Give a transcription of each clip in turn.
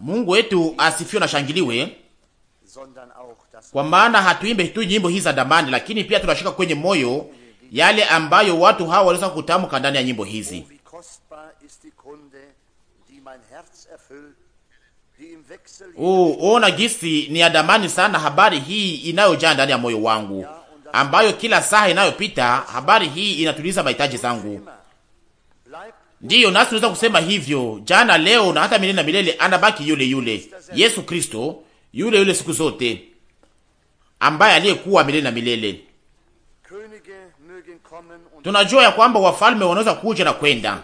Mungu wetu asifiwe na shangiliwe, kwa maana hatuimbe tu nyimbo hizi za damani, lakini pia tunashika kwenye moyo yale ambayo watu hawa waliweza kutamka ndani ya nyimbo hizi. Oh, oh ona gisi ni ya damani sana habari hii inayojaa ndani ya moyo wangu, ambayo kila saa inayopita habari hii inatuliza mahitaji zangu Ndiyo, nasi tunaweza kusema hivyo jana, leo na hata milele na milele, anabaki yule yule Yesu Kristo, yule yule siku zote, ambaye aliyekuwa milele na milele. Tunajua ya kwamba wafalme wanaweza kuja na kwenda,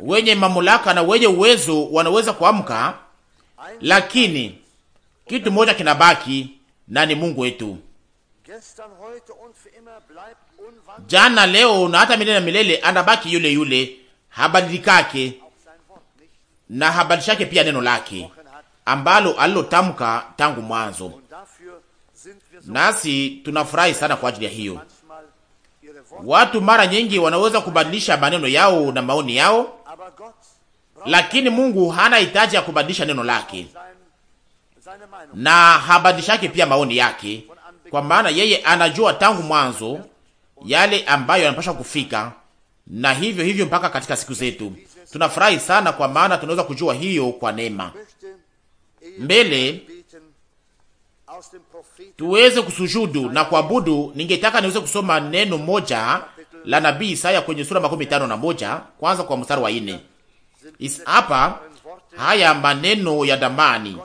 wenye mamlaka na wenye uwezo wanaweza kuamka, lakini kitu moja kinabaki na ni Mungu wetu jana, leo na hata milele na milele, anabaki yule yule, habadilikake na habadilishake pia neno lake ambalo alilotamka tangu mwanzo, nasi tunafurahi sana kwa ajili ya hiyo. Watu mara nyingi wanaweza kubadilisha maneno yao na maoni yao, lakini Mungu hana hitaji ya kubadilisha neno lake na habadilishake pia maoni yake, kwa maana yeye anajua tangu mwanzo yale ambayo yanapasha kufika, na hivyo hivyo mpaka katika siku zetu. Tunafurahi sana kwa maana tunaweza kujua hiyo kwa neema. Mbele tuweze kusujudu na kuabudu, ningetaka niweze kusoma neno moja la nabii Isaya kwenye sura makumi tano na moja kwanza kwa mstari wa nne. Hapa haya maneno ya damani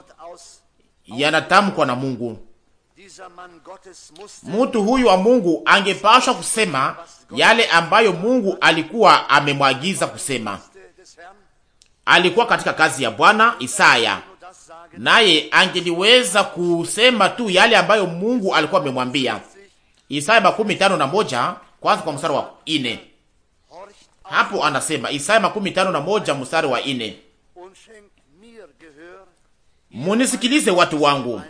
yanatamkwa na Mungu Mtu huyu wa Mungu angepashwa kusema yale ambayo Mungu alikuwa amemwagiza kusema. Alikuwa katika kazi ya Bwana Isaya, naye angeliweza kusema tu yale ambayo Mungu alikuwa amemwambia. Isaya makumi tano na moja kwanza kwa mstari wa ine. Hapo anasema Isaya makumi tano na moja mstari wa ine, munisikilize watu wangu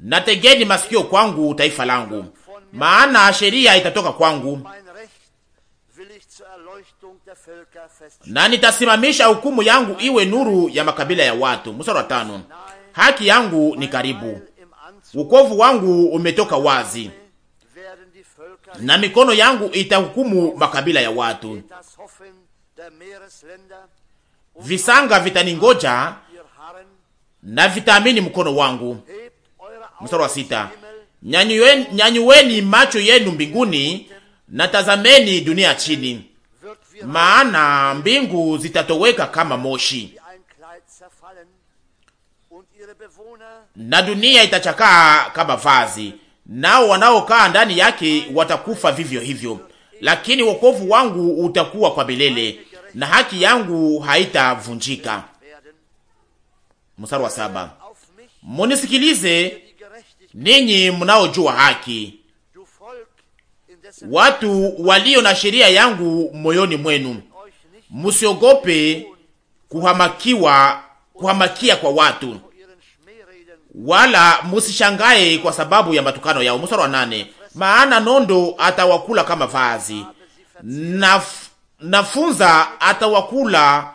nategeni masikio kwangu, taifa langu, maana sheria itatoka kwangu na nitasimamisha hukumu yangu iwe nuru ya makabila ya watu. Mstari wa tano, haki yangu ni karibu, ukovu wangu umetoka wazi, na mikono yangu itahukumu makabila ya watu. Visanga vitaningoja na vitaamini mkono wangu mstari wa sita nyanyuweni, macho yenu mbinguni na tazameni dunia chini, maana mbingu zitatoweka kama moshi na dunia itachakaa kama vazi, nao wanaokaa ndani yake watakufa vivyo hivyo. Lakini wokovu wangu utakuwa kwa milele na haki yangu haitavunjika. Mstari wa saba, munisikilize ninyi mnaojua haki, watu walio na sheria yangu moyoni mwenu, msiogope kuhamakiwa, kuhamakia kwa watu, wala musishangae kwa sababu ya matukano yao. Mstari wa nane, maana nondo atawakula kama vazi Naf, nafunza atawakula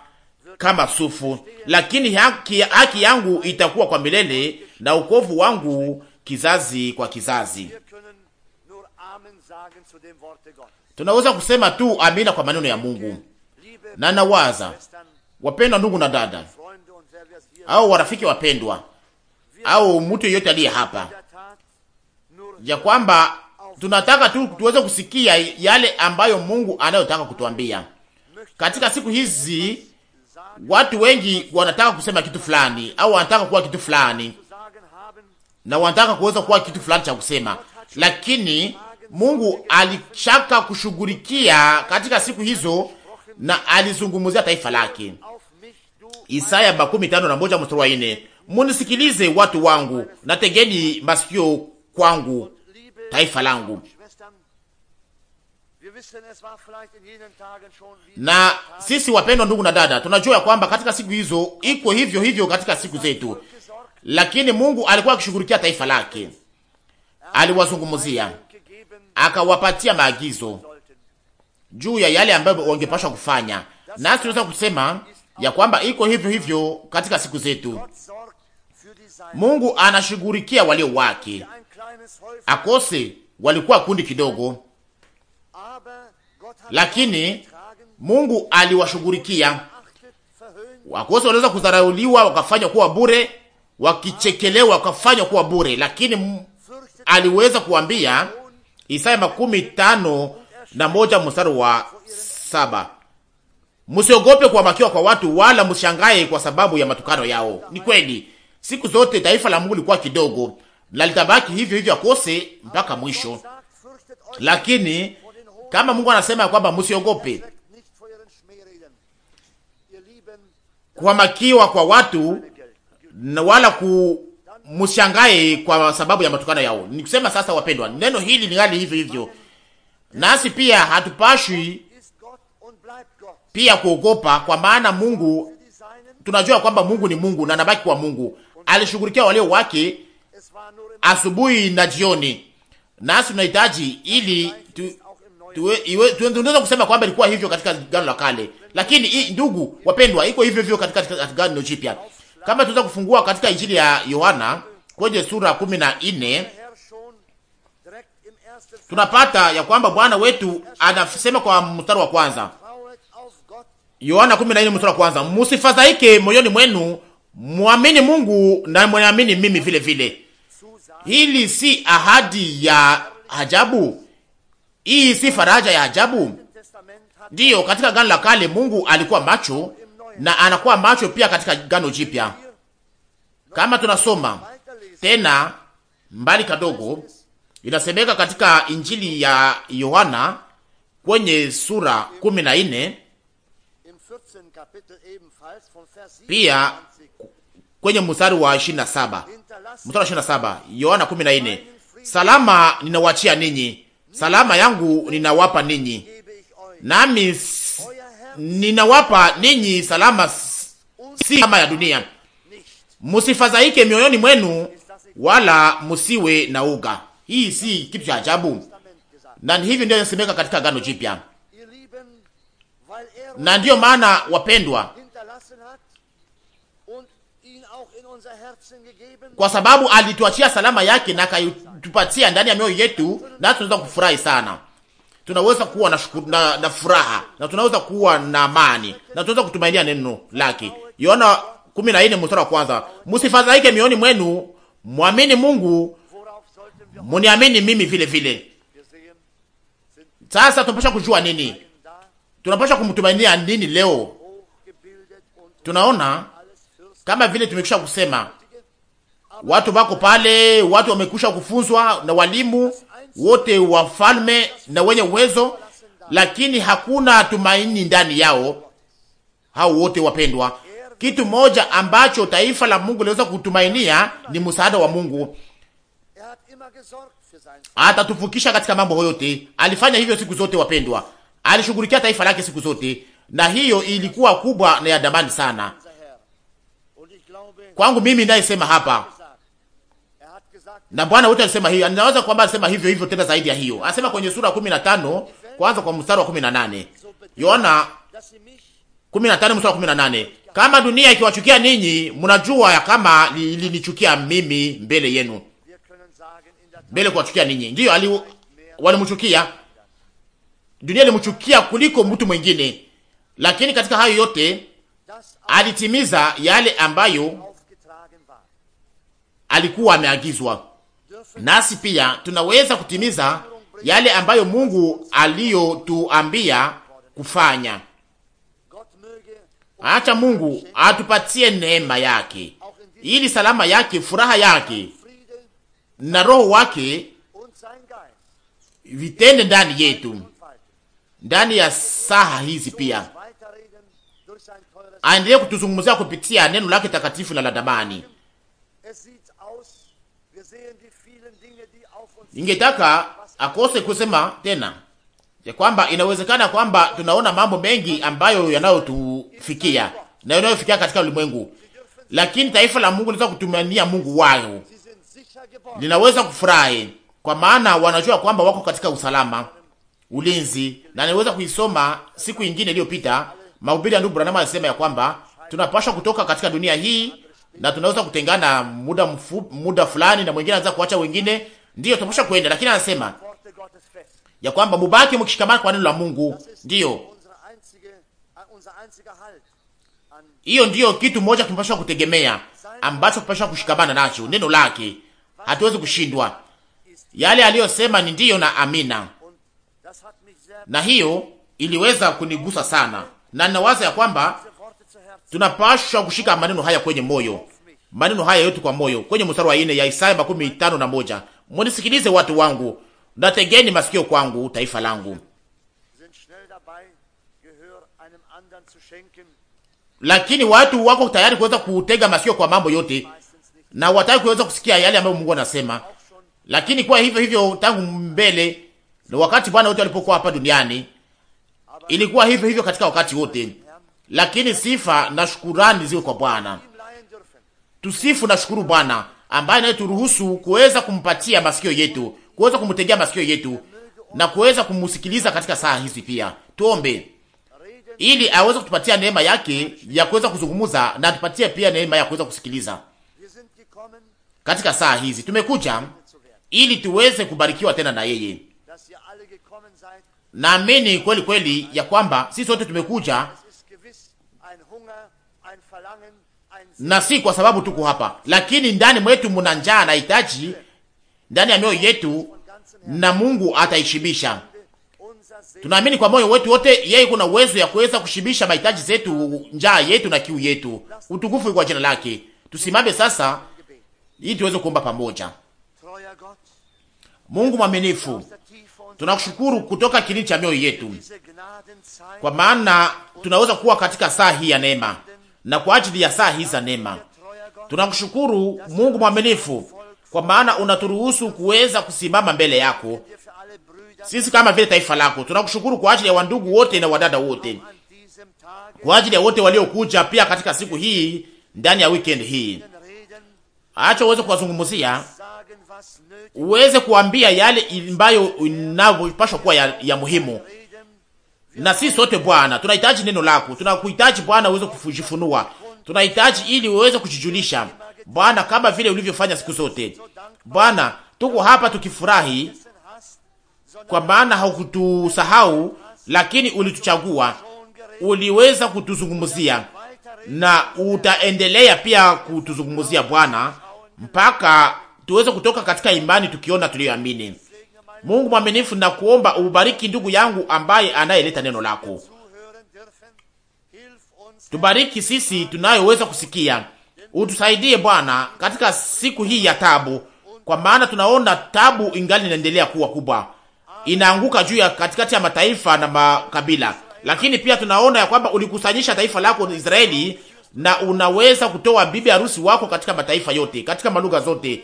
kama sufu, lakini haki, haki yangu itakuwa kwa milele na ukovu wangu kizazi kwa kizazi. Tunaweza kusema tu amina kwa maneno ya Mungu, na nawaza wapendwa, ndugu na dada, au warafiki wapendwa, au mtu yeyote aliye hapa, ya kwamba tunataka tu tuweze kusikia yale ambayo Mungu anayotaka kutuambia katika siku hizi. Watu wengi wanataka kusema kitu fulani au wanataka kuwa kitu fulani na wanataka kuweza kuwa kitu fulani cha kusema, lakini Mungu alichaka kushughulikia katika siku hizo na alizungumzia taifa lake. Isaya makumi tano na moja mstari wa nne munisikilize watu wangu, na tegeni masikio kwangu, taifa langu. Na sisi wapendwa ndugu na dada, tunajua ya kwamba katika siku hizo iko hivyo hivyo katika siku zetu lakini Mungu alikuwa akishughulikia taifa lake, aliwazungumzia akawapatia maagizo juu ya yale ambayo wangepashwa kufanya, nasi tunaweza kusema ya kwamba iko hivyo hivyo katika siku zetu. Mungu anashughulikia walio wake, akose walikuwa kundi kidogo, lakini Mungu aliwashughulikia. Wakose waliweza kudharauliwa, wakafanya kuwa bure, wakichekelewa wakafanywa kuwa bure, lakini aliweza kuambia Isaya makumi tano na moja mstari wa saba msiogope kuamakiwa kwa watu wala mshangae kwa sababu ya matukano yao. Ni kweli siku zote taifa la Mungu lilikuwa kidogo na litabaki hivyo hivyo akose mpaka mwisho, lakini kama Mungu anasema kwamba msiogope kuamakiwa kwa watu na wala kumshangae kwa sababu ya matukano yao. Nikusema sasa, wapendwa, neno hili ni hali hivyo hivyo, nasi pia hatupashwi pia kuogopa, kwa maana Mungu tunajua kwamba Mungu ni Mungu na anabaki kwa Mungu. Alishughulikia walio wake asubuhi na jioni, nasi tunahitaji ili tu, tunaweza kusema kwamba ilikuwa hivyo katika gano la kale, lakini ndugu wapendwa, iko hivyo hivyo katika, katika gano jipya. Kama tuweza kufungua katika Injili ya Yohana kwenye sura kumi na nne tunapata ya kwamba Bwana wetu anasema kwa mstari wa kwanza, Yohana 14 mstari wa kwanza, musifadhaike moyoni mwenu, muamini Mungu na muamini mimi vile vile. Hili si ahadi ya ajabu? Hii si faraja ya ajabu? Ndiyo, katika gano la kale Mungu alikuwa macho na anakuwa macho pia katika gano jipya. Kama tunasoma tena mbali kadogo, inasemeka katika Injili ya Yohana kwenye sura kumi na nne pia kwenye mstari wa 27, mstari wa 27, Yohana 14, salama ninawachia ninyi, salama yangu ninawapa ninyi, nami ninawapa ninyi salama si kama ya dunia. Musifadhaike mioyoni mwenu, wala musiwe na uga. Hii si kitu cha ajabu, na hivi ndio inasemeka katika Agano Jipya. Na ndiyo maana wapendwa, kwa sababu alituachia salama yake na akaitupatia ndani ya mioyo yetu, na tunaweza kufurahi sana tunaweza kuwa na, shukuru, na, na furaha na tunaweza kuwa na amani na tunaweza kutumainia neno lake. Yohana 14 mstari wa kwanza, msifadhaike mioni mwenu, mwamini Mungu, muniamini mimi vile vile. Sasa tunapaswa kujua nini? Tunapaswa kumtumainia nini leo? Tunaona kama vile tumekwisha kusema, watu wako pale, watu wamekwisha kufunzwa na walimu wote wafalme na wenye uwezo, lakini hakuna tumaini ndani yao. Hao wote wapendwa, kitu moja ambacho taifa la Mungu liweza kutumainia ni msaada wa Mungu. Atatufukisha katika mambo yote. Alifanya hivyo siku zote wapendwa, alishughulikia taifa lake siku zote, na hiyo ilikuwa kubwa na ya damani sana kwangu mimi nayesema hapa na Bwana wetu alisema hiyo, anaweza kwamba alisema hivyo hivyo tena zaidi ya hiyo. Anasema kwenye sura ya 15 kwanza kwa mstari wa 18. Yohana 15 mstari wa 18. Kama dunia ikiwachukia ninyi, mnajua ya kama ilinichukia mimi mbele yenu. Mbele kuwachukia ninyi. Ndio ali walimchukia. Dunia ilimchukia kuliko mtu mwingine. Lakini katika hayo yote alitimiza yale ambayo alikuwa ameagizwa nasi pia tunaweza kutimiza yale ambayo Mungu aliyotuambia kufanya. Acha Mungu atupatie neema yake ili salama yake, furaha yake na roho wake vitende ndani yetu, ndani ya saha hizi. Pia aendelee kutuzungumzia kupitia neno lake takatifu na la damani. Ningetaka akose kusema tena ya kwamba inawezekana kwamba tunaona mambo mengi ambayo yanayotufikia na yanayofikia katika ulimwengu, lakini taifa la Mungu linaweza kutumania Mungu wao, linaweza kufurahi kwa maana wanajua kwamba wako katika usalama, ulinzi. Na niweza kuisoma siku ingine iliyopita mahubiri ya ndugu Branham, alisema ya kwamba tunapashwa kutoka katika dunia hii na tunaweza kutengana muda mfu, muda fulani, na mwingine anaweza kuacha wengine, ndio tunapaswa kwenda, lakini anasema ya kwamba mubaki mkishikamana kwa neno la Mungu. Ndio hiyo ndiyo kitu moja tunapaswa kutegemea, ambacho tunapaswa kushikamana nacho, neno lake. Hatuwezi kushindwa yale aliyosema, ni ndiyo na amina, na hiyo iliweza kunigusa sana, na ninawaza ya kwamba tunapashwa kushika maneno haya kwenye moyo, maneno haya yote kwa moyo, kwenye mstari wa nne ya Isaya makumi tano na moja munisikilize watu wangu, nategeni masikio kwangu, taifa langu. Lakini watu wako tayari kuweza kutega masikio kwa mambo yote, na wataki kuweza kusikia yale ambayo Mungu anasema. Lakini kwa hivyo hivyo tangu mbele, na wakati Bwana wote walipokuwa hapa duniani, ilikuwa hivyo hivyo katika wakati wote lakini sifa na shukurani ziwe kwa Bwana. Tusifu na shukuru Bwana ambaye anayeturuhusu kuweza kumpatia masikio yetu, kuweza kumtegea masikio yetu na kuweza kumusikiliza katika saa hizi. Pia tuombe ili aweze kutupatia neema yake ya kuweza kuzungumza na atupatie pia neema ya kuweza kusikiliza katika saa hizi. Tumekuja ili tuweze kubarikiwa tena na yeye. Naamini kweli kweli ya kwamba sisi wote tumekuja na si kwa sababu tuko hapa, lakini ndani mwetu muna njaa na hitaji ndani ya mioyo yetu, na Mungu ataishibisha. Tunaamini kwa moyo wetu wote, yeye kuna uwezo ya kuweza kushibisha mahitaji zetu, njaa yetu na kiu yetu. Utukufu kwa jina lake. Tusimame sasa ili tuweze kuomba pamoja. Mungu mwaminifu, tunakushukuru kutoka kilindi cha mioyo yetu, kwa maana tunaweza kuwa katika saa hii ya neema na kwa ajili ya saa hii za neema. Tunakushukuru Mungu mwaminifu, kwa maana unaturuhusu kuweza kusimama mbele yako sisi kama vile taifa lako. Tunakushukuru kwa ajili ya wandugu wote na wadada wote, kwa ajili ya wote waliokuja pia katika siku hii ndani ya weekend hii. Acha uweze kuwazungumzia, uweze kuambia yale ambayo inavyopashwa kuwa ya, ya muhimu na si sote Bwana tunahitaji neno lako, tunakuhitaji Bwana uweze kujifunua, tunahitaji ili uweze kujijulisha Bwana, kama vile ulivyofanya siku zote Bwana. Tuko hapa tukifurahi kwa maana haukutusahau, lakini ulituchagua, uliweza kutuzungumzia na utaendelea pia kutuzungumzia Bwana mpaka tuweze kutoka katika imani tukiona tuliyoamini. Mungu mwaminifu, na kuomba ubariki ndugu yangu ambaye anayeleta neno lako. Tubariki sisi tunayoweza kusikia, utusaidie Bwana katika siku hii ya tabu, kwa maana tunaona tabu ingali inaendelea kuwa kubwa, inaanguka juu ya katikati ya mataifa na makabila, lakini pia tunaona ya kwamba ulikusanyisha taifa lako Israeli na unaweza kutoa bibi harusi wako katika mataifa yote, katika malugha zote,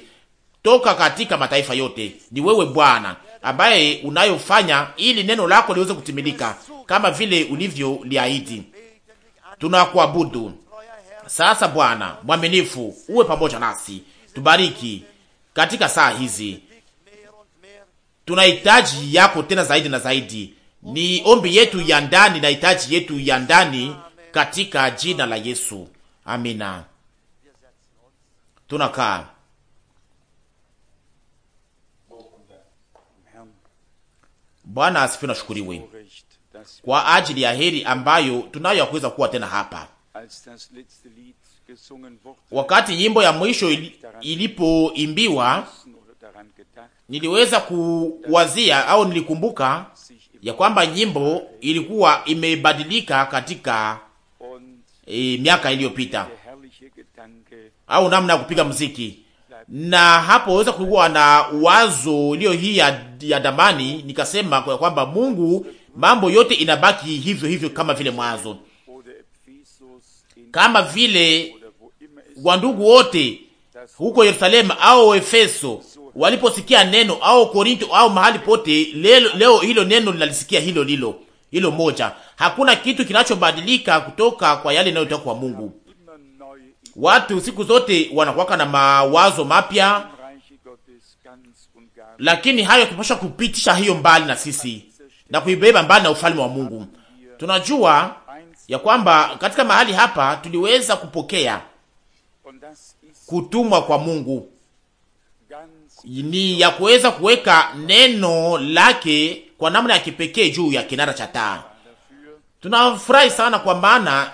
toka katika mataifa yote. Ni wewe Bwana ambaye unayofanya ili neno lako liweze kutimilika kama vile ulivyo liahidi. Tunakuabudu sasa, Bwana mwaminifu, uwe pamoja nasi, tubariki katika saa hizi, tunahitaji yako tena zaidi na zaidi. Ni ombi yetu ya ndani na hitaji yetu ya ndani katika jina la Yesu, amina. Tunakaa. Bwana asifiwe na shukuriwe kwa ajili ya heri ambayo tunayo ya kuweza kuwa tena hapa. Wakati nyimbo ya mwisho ilipoimbiwa, niliweza kuwazia au nilikumbuka ya kwamba nyimbo ilikuwa imebadilika katika e, miaka iliyopita au namna ya kupiga muziki na hapo weza kuwa na wazo iliyo hii ya, ya damani. Nikasema kwa kwamba Mungu mambo yote inabaki hivyo hivyo kama vile mwanzo, kama vile wandugu wote huko Yerusalemu au Efeso waliposikia neno au Korinto au mahali pote leo, leo hilo neno linalisikia hilo lilo hilo moja. Hakuna kitu kinachobadilika kutoka kwa yale inayotoka kwa Mungu. Watu siku zote wanakuwaka na mawazo mapya, lakini hayo tunapaswa kupitisha hiyo mbali na sisi na kuibeba mbali na ufalme wa Mungu. Tunajua ya kwamba katika mahali hapa tuliweza kupokea kutumwa kwa Mungu ni ya kuweza kuweka neno lake kwa namna ya kipekee juu ya kinara cha taa. Tunafurahi sana kwa maana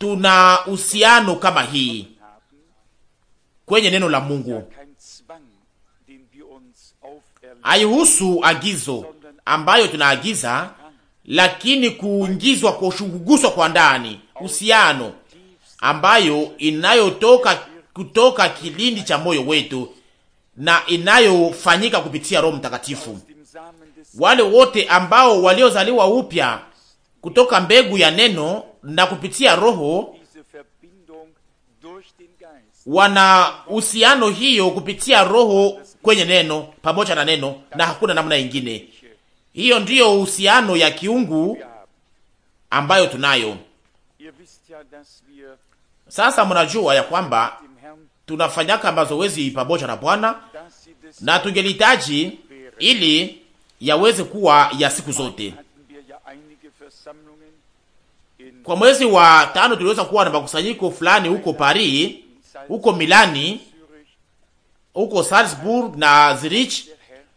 tuna uhusiano kama hii kwenye neno la Mungu. Haihusu agizo ambayo tunaagiza, lakini kuingizwa kwa kwa ndani, uhusiano ambayo inayotoka kutoka kilindi cha moyo wetu na inayofanyika kupitia Roho Mtakatifu. Wale wote ambao waliozaliwa upya kutoka mbegu ya neno na kupitia Roho wana uhusiano hiyo kupitia Roho kwenye neno pamoja na neno, na hakuna namna ingine. Hiyo ndiyo uhusiano ya kiungu ambayo tunayo. Sasa mnajua ya kwamba tunafanyaka mazoezi pamoja na Bwana na tungelihitaji ili yaweze kuwa ya siku zote. Kwa mwezi wa tano tuliweza kuwa na makusanyiko fulani huko Paris, huko Milani, huko Salzburg na Zurich.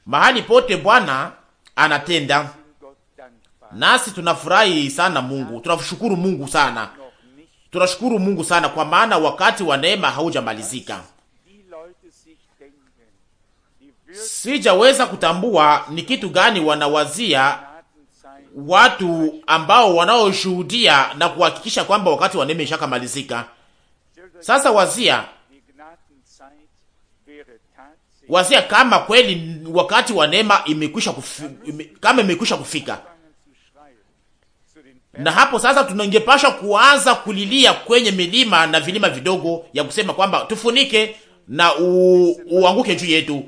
Mahali pote Bwana anatenda nasi, tunafurahi sana Mungu, tunashukuru Mungu sana, tunashukuru Mungu sana, kwa maana wakati wa neema haujamalizika. Sijaweza kutambua ni kitu gani wanawazia watu ambao wanaoshuhudia na kuhakikisha kwamba wakati wa neema ishakamalizika. Sasa wazia wazia, kama kweli wakati wa neema imekwisha kufi, kama imekwisha kufika, na hapo sasa tunangepasha kuanza kulilia kwenye milima na vilima vidogo, ya kusema kwamba tufunike na u, uanguke juu yetu.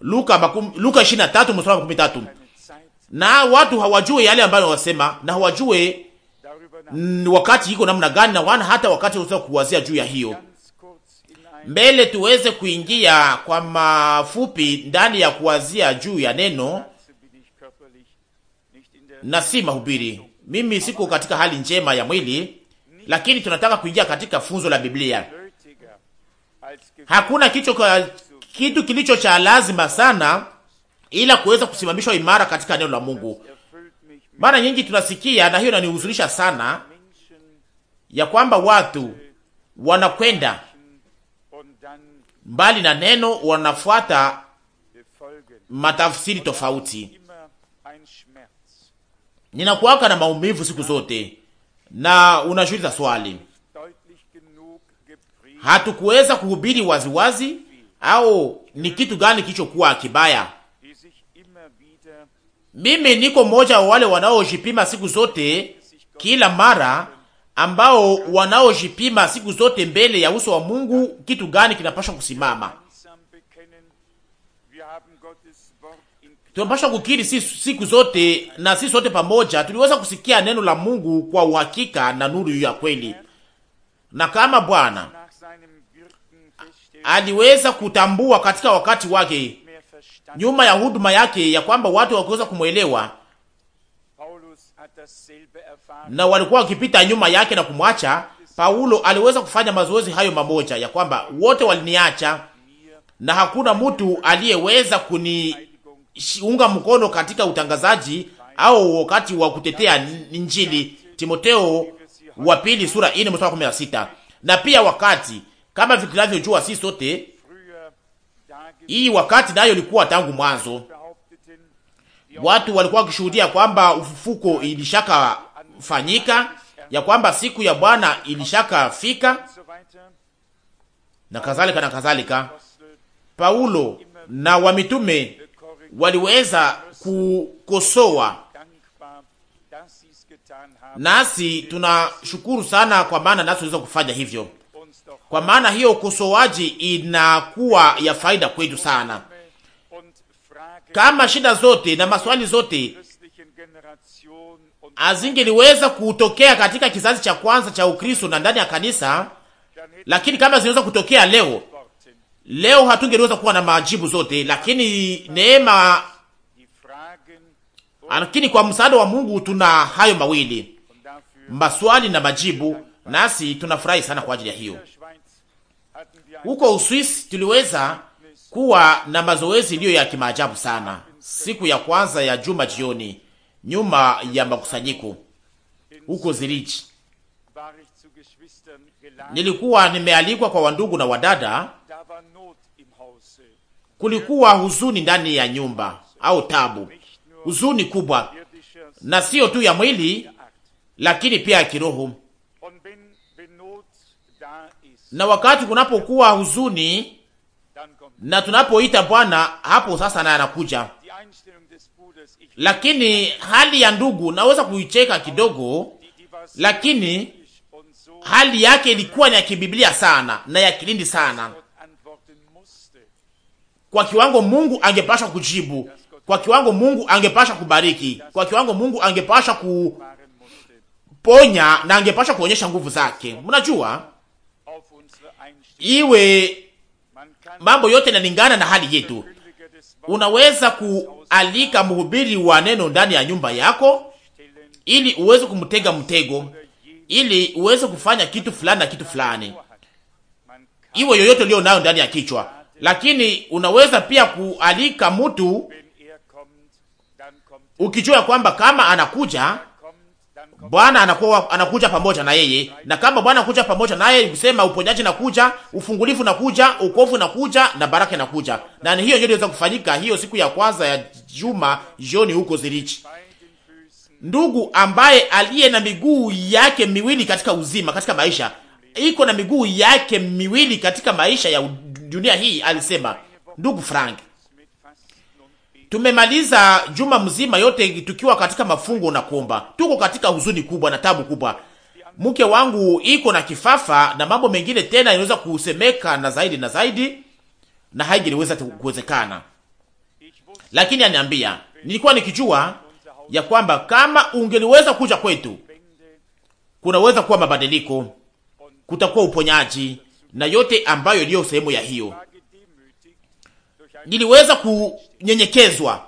Luka, Luka 23 mstari wa 13 na watu hawajue yale ambayo wasema na hawajue wakati iko namna gani, na wana hata wakati waweza kuwazia juu ya hiyo mbele. Tuweze kuingia kwa mafupi ndani ya kuwazia juu ya neno na si mahubiri. Mimi siko katika hali njema ya mwili, lakini tunataka kuingia katika funzo la Biblia. Hakuna kwa, kitu kilicho cha lazima sana ila kuweza kusimamishwa imara katika neno la Mungu. Mara nyingi tunasikia, na hiyo inanihuzunisha sana, ya kwamba watu wanakwenda mbali na neno, wanafuata matafsiri tofauti. Ninakuwaka na maumivu siku zote, na unajiuliza swali, hatukuweza kuhubiri waziwazi au ni kitu gani kilichokuwa kibaya mimi niko mmoja wa wale wanaojipima siku zote, kila mara, ambao wanaojipima siku zote mbele ya uso wa Mungu, kitu gani kinapaswa kusimama. Tunapaswa kukiri siku zote, na sisi sote pamoja tuliweza kusikia neno la Mungu kwa uhakika na nuru ya kweli, na kama Bwana aliweza kutambua katika wakati wake nyuma ya huduma yake ya kwamba watu wakiweza kumwelewa na walikuwa wakipita nyuma yake na kumwacha. Paulo aliweza kufanya mazoezi hayo mamoja ya kwamba wote waliniacha na hakuna mtu aliyeweza kuniunga mkono katika utangazaji au wakati wa kutetea Injili, Timoteo wa pili sura 4 mstari 16. Na pia wakati kama vitu tunavyojua sisi sote hii wakati nayo ilikuwa tangu mwanzo, watu walikuwa wakishuhudia kwamba ufufuko ilishaka fanyika, ya kwamba siku ya Bwana ilishaka fika na kadhalika na kadhalika. Paulo na wamitume waliweza kukosoa, nasi tunashukuru sana kwa maana nasi weza kufanya hivyo. Kwa maana hiyo ukosoaji inakuwa ya faida kwetu sana, kama shida zote na maswali zote azingeliweza kutokea katika kizazi cha kwanza cha Ukristo na ndani ya kanisa, lakini kama zinaweza kutokea leo, leo hatungeliweza kuwa na majibu zote, lakini neema, lakini kwa msaada wa Mungu tuna hayo mawili, maswali na majibu, nasi tunafurahi sana kwa ajili ya hiyo. Huko Uswisi tuliweza kuwa na mazoezi iliyo ya kimaajabu sana, siku ya kwanza ya juma jioni, nyuma ya makusanyiko huko Zurich. Nilikuwa nimealikwa kwa wandugu na wadada. Kulikuwa huzuni ndani ya nyumba au tabu, huzuni kubwa, na sio tu ya mwili, lakini pia ya kiroho na wakati kunapokuwa huzuni na tunapoita Bwana, hapo sasa naye anakuja. Lakini hali ya ndugu naweza kuicheka kidogo, lakini hali yake ilikuwa ni ya kibiblia sana na ya kilindi sana, kwa kiwango Mungu angepasha kujibu, kwa kiwango Mungu angepasha kubariki, kwa kiwango Mungu angepasha kuponya na angepasha kuonyesha nguvu zake. Mnajua iwe mambo yote yanalingana na hali yetu. Unaweza kualika mhubiri wa neno ndani ya nyumba yako ili uweze kumtega mtego, ili uweze kufanya kitu fulani na kitu fulani, iwe yoyote ulio nayo ndani ya kichwa. Lakini unaweza pia kualika mtu ukijua kwamba kama anakuja Bwana anakuwa anakuja pamoja na yeye, na kama Bwana anakuja pamoja naye, kusema uponyaji nakuja, ufungulifu nakuja, ukovu nakuja na baraka inakuja. Na hiyo ndio iliweza kufanyika hiyo siku ya kwanza ya juma jioni huko Zurich. Ndugu ambaye aliye na miguu yake miwili katika uzima, katika maisha iko na miguu yake miwili katika maisha ya dunia hii, alisema ndugu Frank Tumemaliza juma mzima yote tukiwa katika mafungo na kuomba, tuko katika huzuni kubwa na tabu kubwa. Mke wangu iko na kifafa na mambo mengine tena inaweza kusemeka na zaidi na zaidi, na haingeweza kuwezekana, lakini aniambia, nilikuwa nikijua ya kwamba kama ungeliweza kuja kwetu kunaweza kuwa mabadiliko, kutakuwa uponyaji na yote ambayo iliyo sehemu ya hiyo niliweza kunyenyekezwa,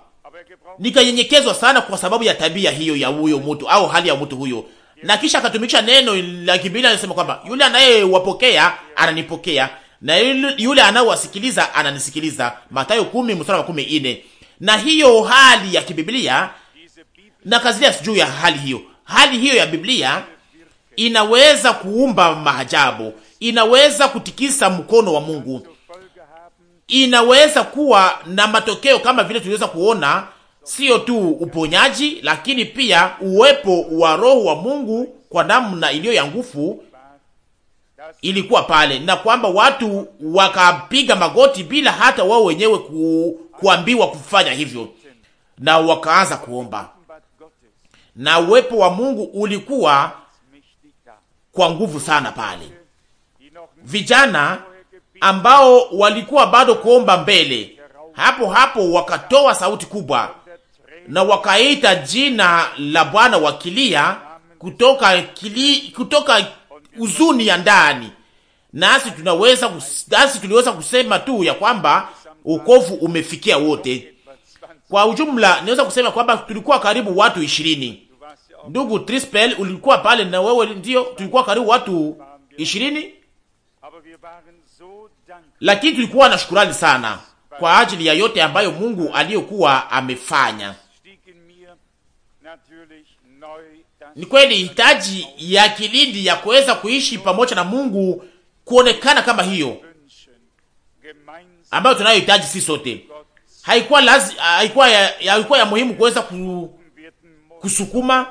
nikanyenyekezwa sana kwa sababu ya tabia hiyo ya huyo mtu au hali ya mtu huyo. Na kisha akatumikisha neno la Kibiblia anasema kwamba yule anayewapokea ananipokea na yule anayewasikiliza ananisikiliza, Mathayo 10 mstari wa 14. Na hiyo hali ya Kibiblia na kazilia juu ya hali hiyo, hali hiyo ya Biblia inaweza kuumba maajabu, inaweza kutikisa mkono wa Mungu, inaweza kuwa na matokeo kama vile tuliweza kuona, sio tu uponyaji, lakini pia uwepo wa Roho wa Mungu kwa namna iliyo ya nguvu ilikuwa pale, na kwamba watu wakapiga magoti bila hata wao wenyewe ku, kuambiwa kufanya hivyo, na wakaanza kuomba na uwepo wa Mungu ulikuwa kwa nguvu sana pale. Vijana ambao walikuwa bado kuomba mbele, hapo hapo wakatoa sauti kubwa na wakaita jina la Bwana wakilia kutoka kili, kutoka uzuni ya ndani. Nasi tunaweza nasi tuliweza kusema tu ya kwamba ukovu umefikia wote. Kwa ujumla, niweza kusema kwamba tulikuwa karibu watu ishirini. Ndugu Trispel, ulikuwa pale na wewe ndio, tulikuwa karibu watu ishirini lakini tulikuwa na shukurani sana kwa ajili ya yote ambayo Mungu aliyokuwa amefanya. Ni kweli hitaji ya kilindi ya kuweza kuishi pamoja na Mungu kuonekana kama hiyo ambayo tunayohitaji sisi sote. Haikuwa lazi, haikuwa ya, haikuwa ya muhimu kuweza ku, kusukuma,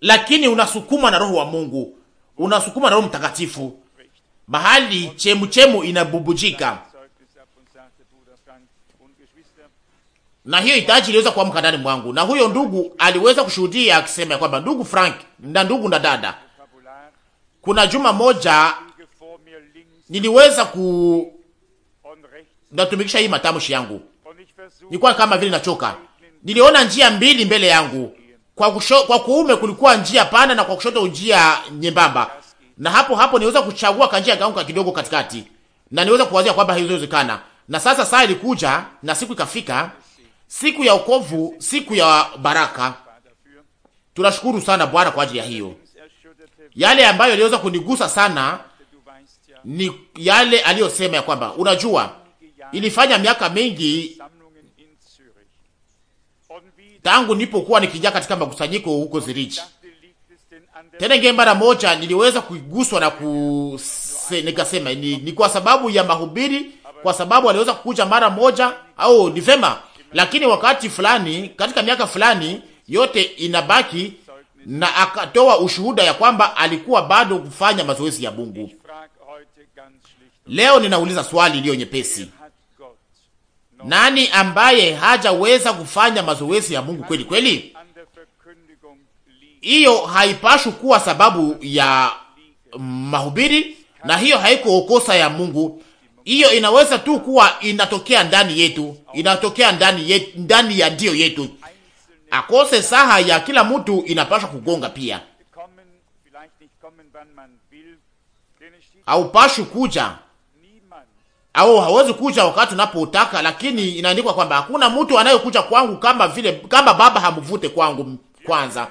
lakini unasukuma na Roho wa Mungu, unasukuma na Roho Mtakatifu mahali chemuchemu inabubujika, na hiyo itaji iliweza kuamka ndani mwangu. Na huyo ndugu aliweza kushuhudia akisema kwamba ndugu Frank na ndugu na dada, kuna juma moja niliweza ku natumikisha hii matamshi yangu, nilikuwa kama vile nachoka. Niliona njia mbili mbele yangu, kwa, kusho, kwa kuume kulikuwa njia pana na kwa kushoto njia nyembamba na hapo hapo niweza kuchagua kanjia gangu kidogo katikati, na niweza kuwazia kwamba haiwezekana. Na sasa saa ilikuja na siku ikafika, siku ya ukovu, siku ya baraka. Tunashukuru sana Bwana kwa ajili ya hiyo. Yale ambayo aliweza kunigusa sana ni yale aliyosema ya kwamba unajua, ilifanya miaka mingi tangu nipokuwa nikija katika makusanyiko huko Zurich tena ingie mara moja niliweza kuiguswa na ku nikasema ni, ni kwa sababu ya mahubiri, kwa sababu aliweza kukuja mara moja au ni vema, lakini wakati fulani katika miaka fulani yote inabaki na akatoa ushuhuda ya kwamba alikuwa bado kufanya mazoezi ya Mungu. Leo ninauliza swali iliyo nyepesi. Nani ambaye hajaweza kufanya mazoezi ya Mungu kweli kweli? hiyo haipashwi kuwa sababu ya mahubiri, na hiyo haiko kosa ya Mungu. Hiyo inaweza tu kuwa inatokea ndani yetu, inatokea ndani yetu, ndani ya ndio yetu. Akose saha ya kila mtu inapashwa kugonga pia, haupashwi kuja au hawezi kuja wakati unapotaka, lakini inaandikwa kwamba hakuna mtu anayekuja kwangu kama vile kama baba hamvute kwangu kwanza.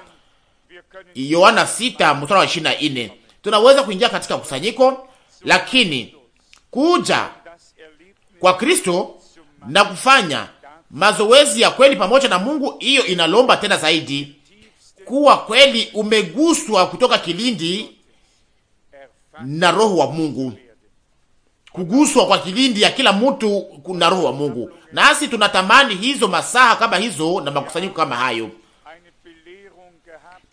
Yohana 6 mstari wa 24. Tunaweza kuingia katika kusanyiko, lakini kuja kwa Kristo na kufanya mazoezi ya kweli pamoja na Mungu, hiyo inalomba tena zaidi kuwa kweli umeguswa kutoka kilindi na roho wa Mungu, kuguswa kwa kilindi ya kila mtu na roho wa Mungu. Nasi tunatamani hizo masaha kama hizo na makusanyiko kama hayo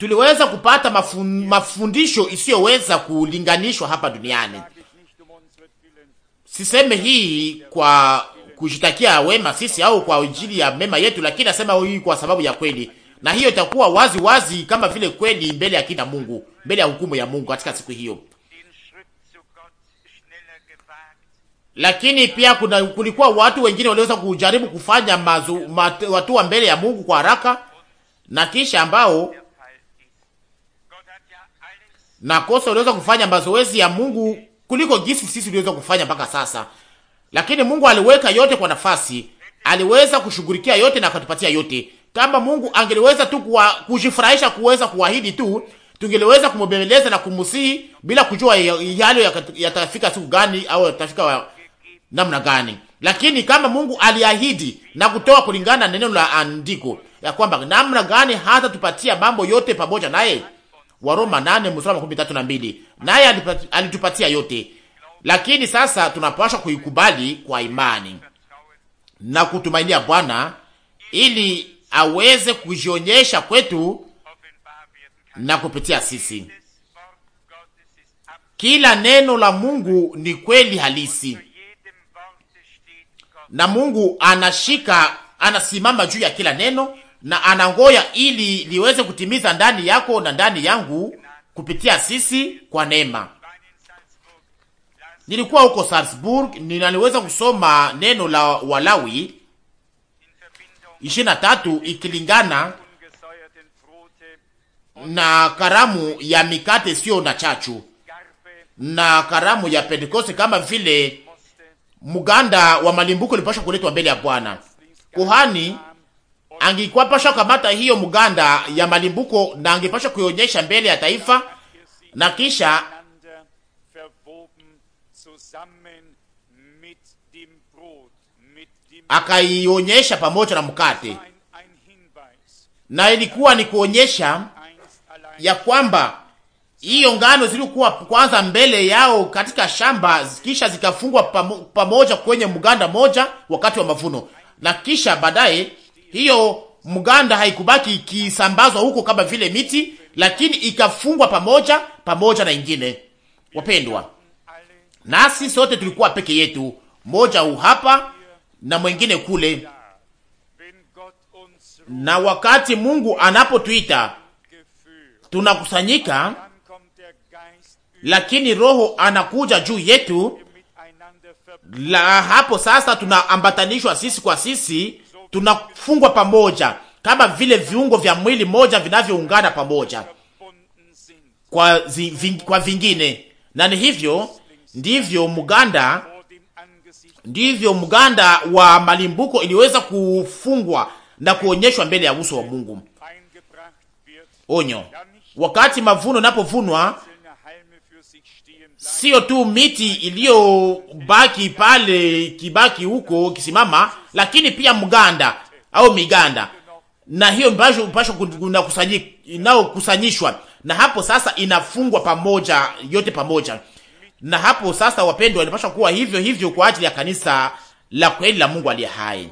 tuliweza kupata mafun, mafundisho isiyoweza kulinganishwa hapa duniani. Siseme hii kwa kushitakia wema sisi au kwa ajili ya mema yetu, lakini nasema hii kwa sababu ya kweli, na hiyo itakuwa wazi wazi kama vile kweli mbele ya kina Mungu, mbele ya hukumu ya Mungu katika siku hiyo. Lakini pia kuna kulikuwa watu wengine waliweza kujaribu kufanya mazu, mat, watu wa mbele ya Mungu kwa haraka na kisha ambao na kosa uliweza kufanya mazoezi ya Mungu kuliko jinsi sisi tuliweza kufanya mpaka sasa, lakini Mungu aliweka yote kwa nafasi, aliweza kushughulikia yote na akatupatia yote. Kama Mungu angeliweza tu kuwa, kujifurahisha kuweza kuahidi tu, tungeliweza kumbembeleza na kumsihi bila kujua yale yatafika siku gani au yatafika wa namna gani. Lakini kama Mungu aliahidi na kutoa kulingana na neno la andiko ya kwamba namna gani hata tupatia mambo yote pamoja naye Waroma nane mstari makumi tatu na mbili. Naye alitupatia yote, lakini sasa tunapaswa kuikubali kwa imani na kutumainia Bwana ili aweze kujionyesha kwetu na kupitia sisi. Kila neno la Mungu ni kweli halisi, na Mungu anashika, anasimama juu ya kila neno na anangoya ili liweze kutimiza ndani yako na ndani yangu kupitia sisi kwa neema. Nilikuwa huko Salzburg, ninaliweza kusoma neno la Walawi 23 ikilingana na karamu ya mikate sio na chachu na karamu ya Pentekoste, kama vile mganda wa malimbuko ulipashwa kuletwa mbele ya Bwana. Kuhani pasha kukamata hiyo mganda ya malimbuko na angepasha kuionyesha mbele ya taifa na kisha akaionyesha pamoja na mkate, na ilikuwa ni kuonyesha ya kwamba hiyo ngano zilikuwa kwanza mbele yao katika shamba, kisha zikafungwa pamoja kwenye mganda moja wakati wa mavuno, na kisha baadaye hiyo mganda haikubaki ikisambazwa huko kama vile miti, lakini ikafungwa pamoja pamoja na ingine. Wapendwa, nasi sote tulikuwa peke yetu, moja uhapa na mwengine kule, na wakati Mungu anapotuita tunakusanyika, lakini Roho anakuja juu yetu, la hapo sasa tunaambatanishwa sisi kwa sisi tunafungwa pamoja kama vile viungo vya mwili moja vinavyoungana pamoja kwa, zi, ving, kwa vingine, na ni hivyo ndivyo mganda ndivyo mganda wa malimbuko iliweza kufungwa na kuonyeshwa mbele ya uso wa Mungu. Onyo: wakati mavuno napovunwa sio tu miti iliyobaki pale kibaki huko kisimama, lakini pia mganda au miganda, na hiyo mpasho mpasho kusanyishwa, na hapo sasa inafungwa pamoja yote pamoja, na hapo sasa, wapendwa, inapaswa kuwa hivyo hivyo kwa ajili ya kanisa la kweli la Mungu aliye hai.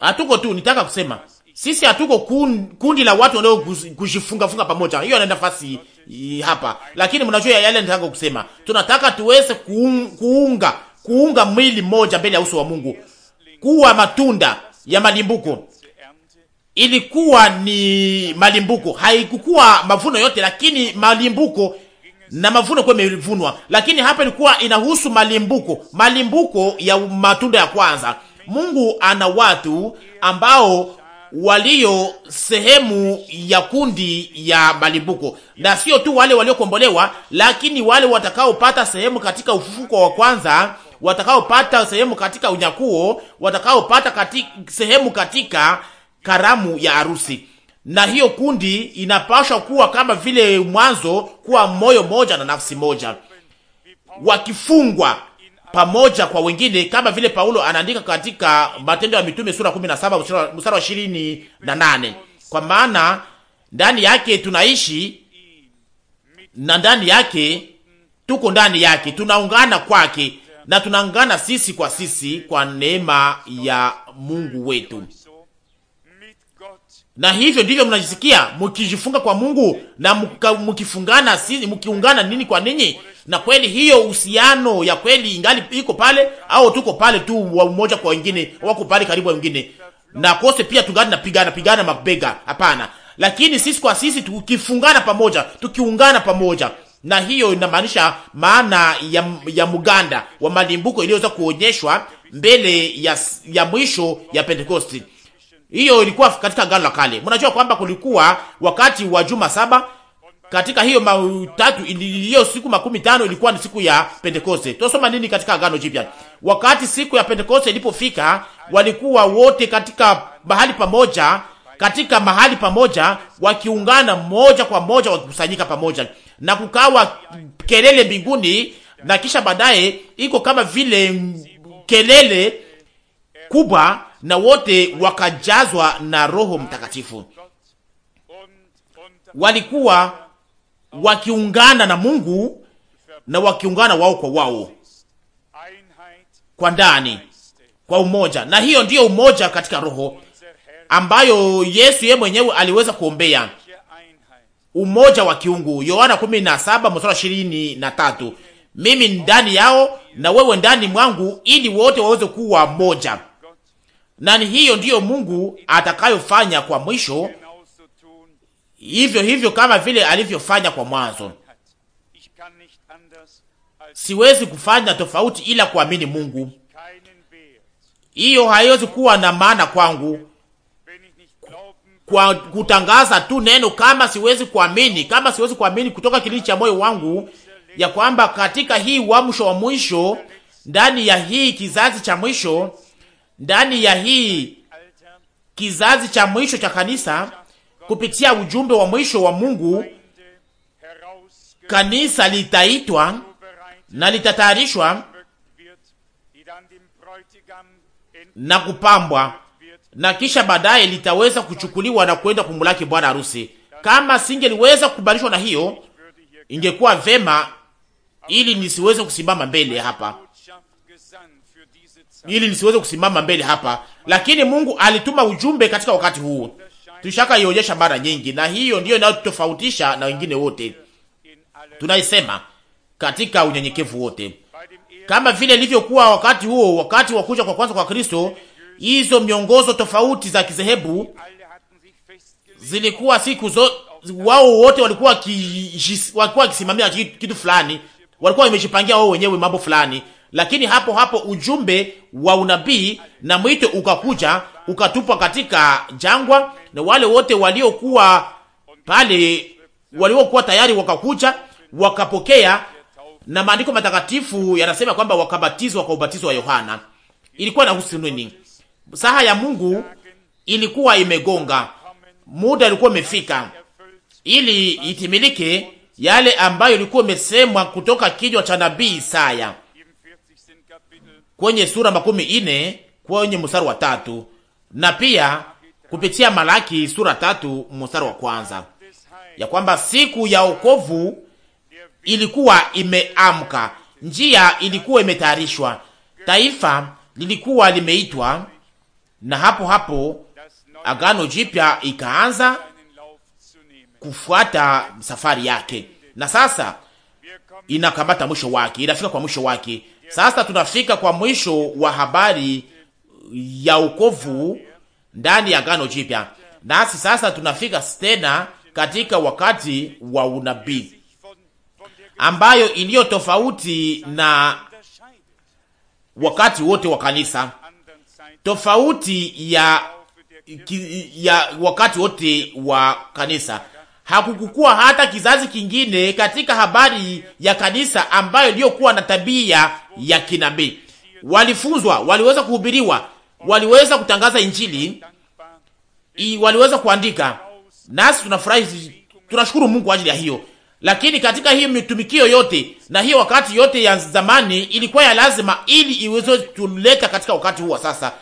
Hatuko tu nitaka kusema sisi hatuko kundi la watu wanao kujifunga funga pamoja, hiyo ni nafasi hapa, lakini mnajua yale nitaka kusema. Tunataka tuweze kuunga, kuunga kuunga mwili mmoja mbele ya uso wa Mungu, kuwa matunda ya malimbuko. Ilikuwa ni malimbuko, haikukuwa mavuno yote, lakini malimbuko na mavuno kwa imevunwa, lakini hapa ilikuwa inahusu malimbuko, malimbuko ya matunda ya kwanza. Mungu ana watu ambao walio sehemu ya kundi ya malimbuko, na sio tu wale waliokombolewa, lakini wale watakaopata sehemu katika ufufuko wa kwanza, watakaopata sehemu katika unyakuo, watakaopata katika, sehemu katika karamu ya harusi. Na hiyo kundi inapaswa kuwa kama vile mwanzo, kuwa moyo moja na nafsi moja, wakifungwa pamoja kwa wengine, kama vile Paulo anaandika katika Matendo ya Mitume sura 17 mstari wa 28, kwa maana ndani yake tunaishi na ndani yake tuko ndani yake, tunaungana kwake na tunaungana sisi kwa sisi kwa neema ya Mungu wetu. Na hivyo ndivyo mnajisikia mkijifunga kwa Mungu na mkifungana sisi mkiungana nini kwa ninyi na kweli hiyo uhusiano ya kweli ingali iko pale, au tuko pale tu wa mmoja kwa wengine, wako pale karibu wa wengine, na kose pia tungali napigana pigana mabega? Hapana, lakini sisi kwa sisi tukifungana pamoja, tukiungana pamoja, na hiyo inamaanisha maana ya, ya muganda wa malimbuko iliyoweza kuonyeshwa mbele ya, ya mwisho ya Pentekosti. Hiyo ilikuwa katika Agano la Kale. Mnajua kwamba kulikuwa wakati wa juma saba katika hiyo matatu iliyo siku makumi tano ilikuwa ni siku ya Pentekoste. Tunasoma nini katika Agano Jipya? Wakati siku ya Pentekoste ilipofika, walikuwa wote katika mahali pamoja, katika mahali pamoja, wakiungana moja kwa moja, wakikusanyika pamoja, na kukawa kelele mbinguni, na kisha baadaye iko kama vile kelele kubwa, na wote wakajazwa na Roho Mtakatifu walikuwa wakiungana na Mungu na wakiungana wao kwa wao kwa ndani kwa umoja, na hiyo ndiyo umoja katika roho ambayo Yesu ye mwenyewe aliweza kuombea umoja wa kiungu, Yohana 17 mstari 23, mimi ndani yao na wewe ndani mwangu, ili wote waweze kuwa moja. Na hiyo ndiyo Mungu atakayofanya kwa mwisho hivyo hivyo kama vile alivyofanya kwa mwanzo. Siwezi kufanya tofauti ila kuamini Mungu. Hiyo haiwezi kuwa na maana kwangu kwa kutangaza tu neno kama siwezi kuamini, kama siwezi kuamini kutoka kilindi cha moyo wangu ya kwamba katika hii uamsho wa mwisho, ndani ya hii kizazi cha mwisho, ndani ya hii kizazi cha mwisho cha kanisa kupitia ujumbe wa mwisho wa Mungu, kanisa litaitwa na litatayarishwa na kupambwa na kisha baadaye litaweza kuchukuliwa na kwenda kumulaki bwana harusi. Kama singeliweza kukubalishwa na hiyo, ingekuwa vema ili nisiweze kusimama mbele hapa, ili nisiweze kusimama mbele hapa, lakini Mungu alituma ujumbe katika wakati huu Tushaka ionyesha mara nyingi, na hiyo ndiyo inayotofautisha na wengine wote. Tunaisema katika unyenyekevu wote, kama vile ilivyokuwa wakati huo, wakati wa kuja kwa kwanza kwa Kristo. Hizo miongozo tofauti za kizehebu zilikuwa siku zo wao wote walikuwa ki, walikuwa wakisimamia kitu fulani, walikuwa wamejipangia wao wenyewe mambo fulani lakini hapo hapo ujumbe wa unabii na mwito ukakuja ukatupwa katika jangwa, na wale wote waliokuwa pale waliokuwa tayari wakakuja wakapokea, na maandiko matakatifu yanasema kwamba wakabatizwa kwa ubatizo wa Yohana. Ilikuwa na husu nini? Saha ya Mungu ilikuwa imegonga, muda ulikuwa umefika ili itimilike yale ambayo ilikuwa imesemwa kutoka kinywa cha nabii Isaya kwenye sura makumi ine kwenye mstari wa tatu na pia kupitia Malaki sura tatu mstari wa kwanza ya kwamba siku ya wokovu ilikuwa imeamka, njia ilikuwa imetayarishwa, taifa lilikuwa limeitwa, na hapo hapo Agano Jipya ikaanza kufuata safari yake, na sasa inakamata mwisho wake, inafika kwa mwisho wake. Sasa tunafika kwa mwisho wa habari ya ukovu ndani ya gano jipya, nasi sasa tunafika tena katika wakati wa unabii ambayo iliyo tofauti na wakati wote wa kanisa, tofauti ya, ya wakati wote wa kanisa hakukukua hata kizazi kingine katika habari ya kanisa ambayo iliyokuwa na tabia ya kinabii. Walifunzwa, waliweza kuhubiriwa, waliweza kutangaza Injili, waliweza kuandika, nasi tunafurahi, tunashukuru Mungu kwa ajili ya hiyo. Lakini katika hiyo mitumikio yote na hiyo wakati yote ya zamani ilikuwa ya lazima, ili iweze tuleta katika wakati huu wa sasa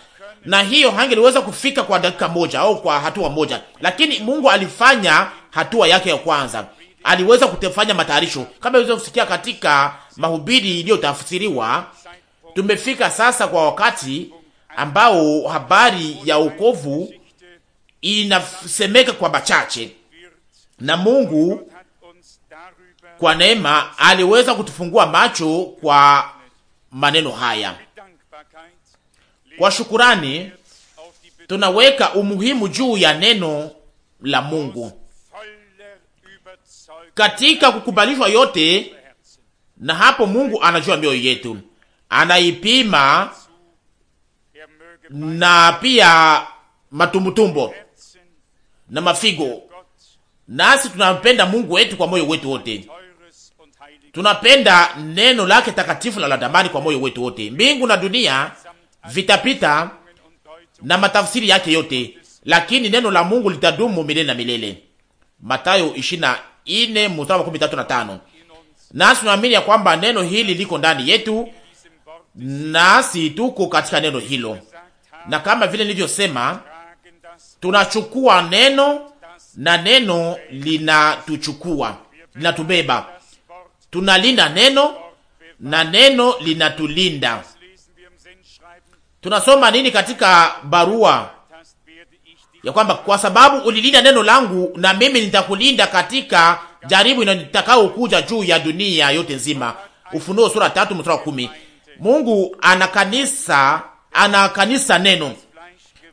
na hiyo hangeliweza kufika kwa dakika moja au kwa hatua moja, lakini Mungu alifanya hatua yake ya kwanza. Aliweza kutefanya matayarisho kama iweze kusikia katika mahubiri iliyotafsiriwa. Tumefika sasa kwa wakati ambao habari ya wokovu inasemeka kwa bachache, na Mungu kwa neema aliweza kutufungua macho kwa maneno haya. Kwa shukurani tunaweka umuhimu juu ya neno la Mungu katika kukubalishwa yote, na hapo Mungu anajua mioyo yetu, anaipima na pia matumbutumbo na mafigo. Nasi tunampenda Mungu wetu kwa moyo wetu wote, tunapenda neno lake takatifu na la damani kwa moyo wetu wote. Mbingu na dunia vitapita na matafsiri yake yote, lakini neno la Mungu litadumu milele na milele. Matayo ine mstari wa tatu na tano. Nasi tunaamini ya kwamba neno hili liko ndani yetu, nasi tuko katika neno hilo, na kama vile nilivyosema, tunachukua neno na neno linatuchukua, linatubeba. Tunalinda neno na neno linatulinda. Tunasoma nini katika barua ya kwamba kwa sababu ulilinda neno langu, na mimi nitakulinda katika jaribu inayotakao kuja juu ya dunia yote nzima. Ufunuo sura tatu mstari wa kumi. Mungu ana kanisa, ana kanisa neno,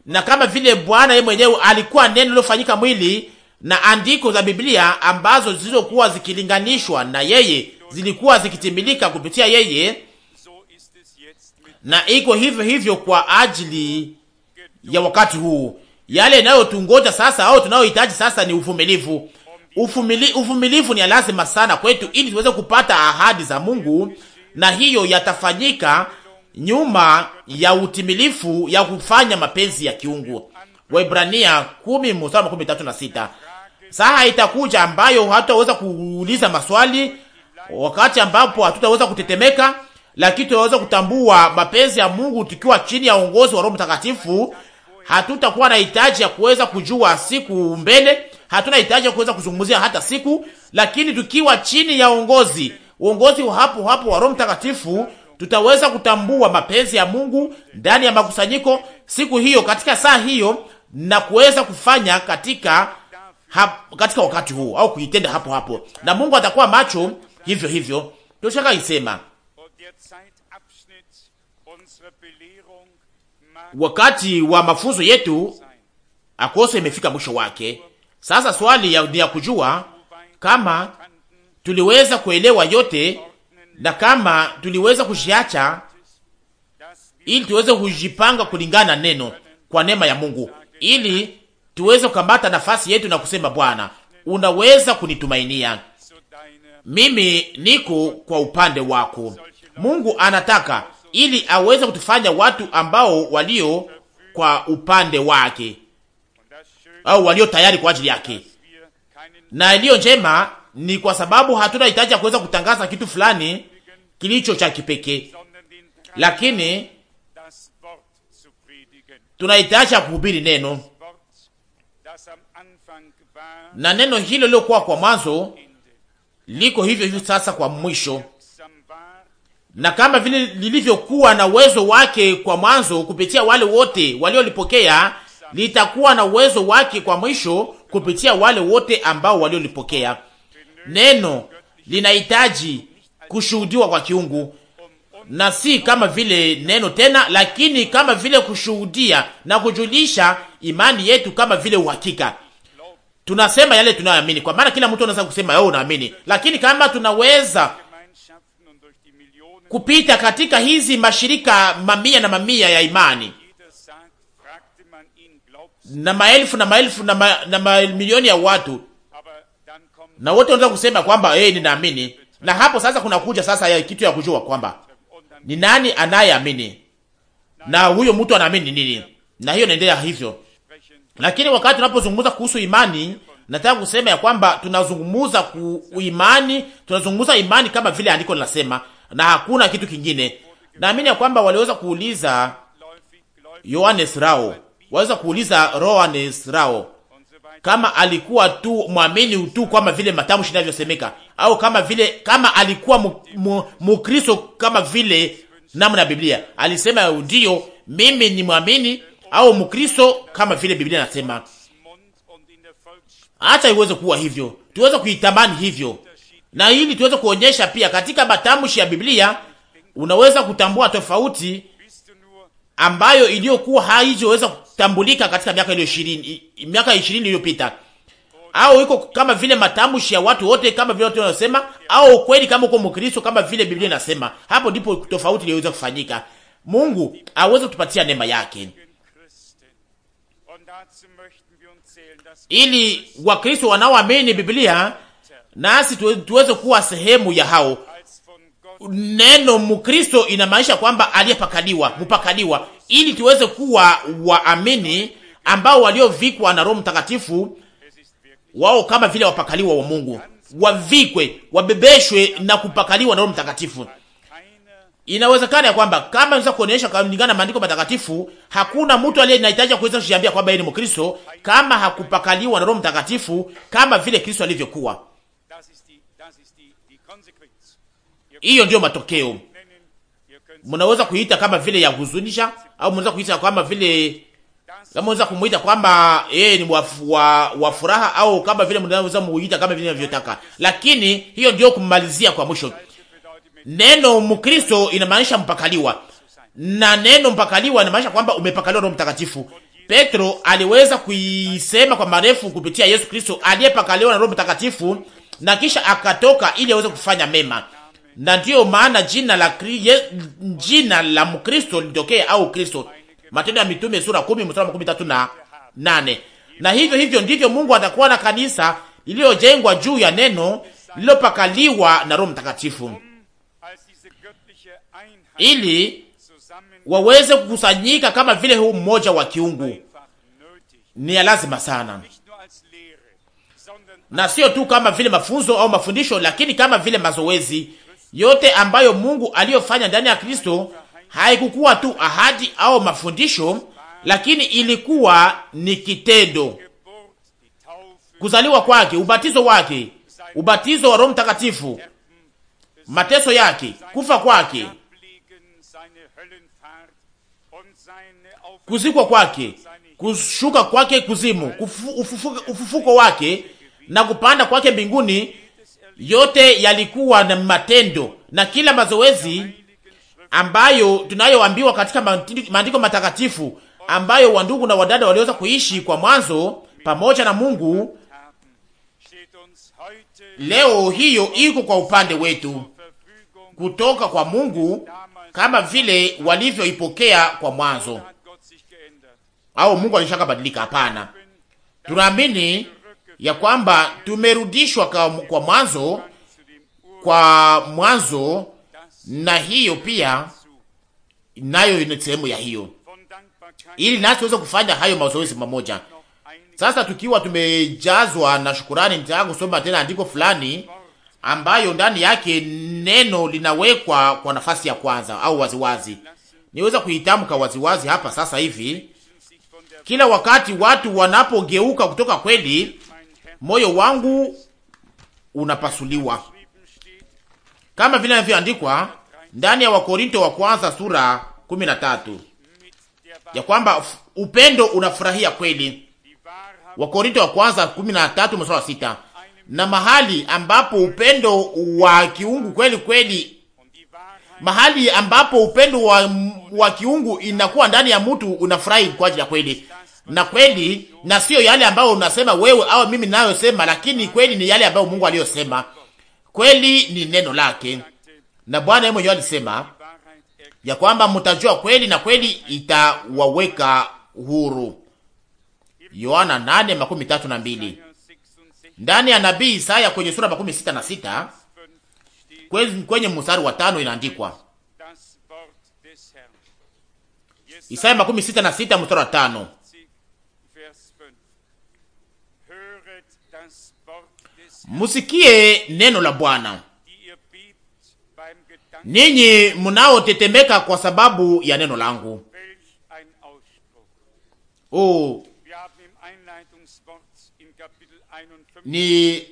na kama vile Bwana yeye mwenyewe alikuwa neno lilofanyika mwili, na andiko za Biblia ambazo zilizokuwa zikilinganishwa na yeye zilikuwa zikitimilika kupitia yeye, na iko hivyo hivyo kwa ajili ya wakati huu yale inayotungoja sasa au tunayohitaji sasa ni uvumilivu. Uvumilivu ni lazima sana kwetu ili tuweze kupata ahadi za Mungu, na hiyo yatafanyika nyuma ya utimilifu ya kufanya mapenzi ya kiungu. Waebrania 10:13. na Saa itakuja ambayo hatutaweza kuuliza maswali, wakati ambapo hatutaweza kutetemeka, lakini tutaweza kutambua mapenzi ya Mungu tukiwa chini ya uongozi wa Roho Mtakatifu hatutakuwa na hitaji ya kuweza kujua siku mbele, hatuna hitaji ya kuweza kuzungumzia hata siku, lakini tukiwa chini ya uongozi uongozi wa hapo hapo wa Roho Mtakatifu tutaweza kutambua mapenzi ya Mungu ndani ya makusanyiko siku hiyo, katika saa hiyo, na kuweza kufanya katika ha, katika wakati huu au kuitenda hapo hapo, na Mungu atakuwa macho hivyo hivyo. Tushaka isema wakati wa mafunzo yetu akose imefika mwisho wake. Sasa swali ya, ya kujua kama tuliweza kuelewa yote na kama tuliweza kushiacha ili tuweze kujipanga kulingana na neno kwa neema ya Mungu, ili tuweze kukamata nafasi yetu na kusema, Bwana, unaweza kunitumainia mimi, niko kwa upande wako. Mungu anataka ili aweze kutufanya watu ambao walio kwa upande wake au walio tayari kwa ajili yake. Na iliyo njema ni kwa sababu hatuna hitaji ya kuweza kutangaza kitu fulani kilicho cha kipekee, lakini tunahitaji ya kuhubiri neno, na neno hilo lilokuwa kwa mwanzo liko hivyo hivyo sasa kwa mwisho na kama vile lilivyokuwa na uwezo wake kwa mwanzo kupitia wale wote waliolipokea, litakuwa na uwezo wake kwa mwisho kupitia wale wote ambao waliolipokea. Neno linahitaji kushuhudiwa kwa kiungu na si kama vile neno tena, lakini kama vile kushuhudia na kujulisha imani yetu kama vile uhakika. Tunasema yale tunayoamini, kwa maana kila mtu anaweza kusema yeye oh, unaamini, lakini kama tunaweza kupita katika hizi mashirika mamia na mamia ya imani na maelfu na maelfu na, ma, na mamilioni ya watu, na wote wanaweza kusema kwamba hey, ninaamini. Na hapo sasa kuna kuja sasa ya kitu ya kujua kwamba ni nani anayeamini na huyo mtu anaamini nini, na hiyo inaendelea hivyo. Lakini wakati tunapozungumza kuhusu imani, nataka kusema ya kwamba tunazungumza ku imani, tunazungumza imani kama vile andiko linasema na hakuna kitu kingine. Naamini ya kwamba waliweza kuuliza Yohanes Rao, waweza kuuliza Yohanes Rao kama alikuwa tu mwamini tu kama vile matamshi inavyosemeka, au kama vile kama alikuwa Mkristo kama vile namna ya Biblia alisema, ndiyo mimi ni mwamini au Mkristo kama vile Biblia nasema. Acha iweze kuwa hivyo, tuweze kuitamani hivyo na ili tuweze kuonyesha pia katika matamshi ya Biblia unaweza kutambua tofauti ambayo iliyokuwa haijoweza kutambulika katika miaka ile 20 miaka 20 iliyopita, au iko kama vile matamshi ya watu wote, kama vile watu wanasema, au ukweli kama uko Mkristo, kama vile Biblia inasema. Hapo ndipo tofauti iliyoweza kufanyika. Mungu aweze kutupatia neema yake ili Wakristo wanaoamini Biblia nasi tuweze kuwa sehemu ya hao. Neno Mkristo inamaanisha kwamba aliyepakaliwa, mpakaliwa, ili tuweze kuwa waamini ambao waliovikwa na Roho Mtakatifu, wao kama vile wapakaliwa wa Mungu, wavikwe, wabebeshwe na kupakaliwa na Roho Mtakatifu. Inawezekana ya kwamba kama unaweza kuonyesha kulingana na maandiko matakatifu, hakuna mtu aliye anahitaji kuweza kujiambia kwamba yeye ni Mkristo kama hakupakaliwa na Roho Mtakatifu kama vile Kristo alivyokuwa. Hiyo ndiyo matokeo. Mnaweza kuita kama vile ya huzunisha, au mnaweza kuita kama vile kama unaweza kumuita kwamba yeye ni wa, wa furaha au kama vile mnaweza muita kama vile ninavyotaka, lakini hiyo ndio kumalizia kwa mwisho. Neno Mkristo inamaanisha mpakaliwa, na neno mpakaliwa inamaanisha kwamba umepakaliwa Roho Mtakatifu. Petro aliweza kuisema kwa marefu kupitia Yesu Kristo aliyepakaliwa na Roho Mtakatifu na kisha akatoka ili aweze kufanya mema na ndiyo maana jina la kriye, jina la Mkristo litokee au Kristo. Matendo ya Mitume sura 10 mstari wa 13 na nane. Na hivyo hivyo ndivyo Mungu atakuwa na kanisa lililojengwa juu ya neno lililopakaliwa na Roho Mtakatifu ili waweze kukusanyika kama vile huu mmoja wa kiungu. Ni ya lazima sana, na sio tu kama vile mafunzo au mafundisho, lakini kama vile mazoezi yote ambayo Mungu aliyofanya ndani ya Kristo haikukuwa tu ahadi au mafundisho, lakini ilikuwa ni kitendo. Kuzaliwa kwake, ubatizo wake, ubatizo wa Roho Mtakatifu, mateso yake, kufa kwake, kuzikwa kwake, kushuka kwake kuzimu, ufufuko wake na kupanda kwake mbinguni yote yalikuwa na matendo na kila mazoezi ambayo tunayoambiwa katika maandiko matakatifu ambayo wandugu na wadada waliweza kuishi kwa mwanzo pamoja na Mungu, leo hiyo iko kwa upande wetu kutoka kwa Mungu kama vile walivyoipokea kwa mwanzo. Au Mungu alishaka badilika? Hapana, tunaamini ya kwamba tumerudishwa kwa, kwa mwanzo kwa mwanzo, na hiyo pia nayo ni sehemu ya hiyo, ili nasi tuweze kufanya hayo mazoezi mamoja. Sasa tukiwa tumejazwa na shukurani, nitaka kusoma tena andiko fulani ambayo ndani yake neno linawekwa kwa nafasi ya kwanza au waziwazi. Niweza kuitamka waziwazi hapa sasa hivi, kila wakati watu wanapogeuka kutoka kweli moyo wangu unapasuliwa, kama vile inavyoandikwa ndani ya Wakorinto wa kwanza sura 13 ya kwamba upendo unafurahia kweli. Wakorinto wa kwanza 13 mstari wa sita. Na mahali ambapo upendo wa kiungu kweli kweli, mahali ambapo upendo wa, wa kiungu inakuwa ndani ya mtu unafurahi kwa ajili ya kweli na kweli, na sio yale ambayo unasema wewe au mimi ninayosema, lakini kweli ni yale ambayo Mungu aliyosema. Kweli ni neno lake, na Bwana yeye mwenyewe alisema ya kwamba mtajua kweli na kweli itawaweka huru, Yohana 8:32. Ndani ya nabii Isaya kwenye sura makumi sita na sita kwenye mstari wa tano inaandikwa Isaya makumi sita na sita mstari wa tano musikie neno la Bwana, ninyi tetemeka kwa sababu ya neno langu. Oh, ni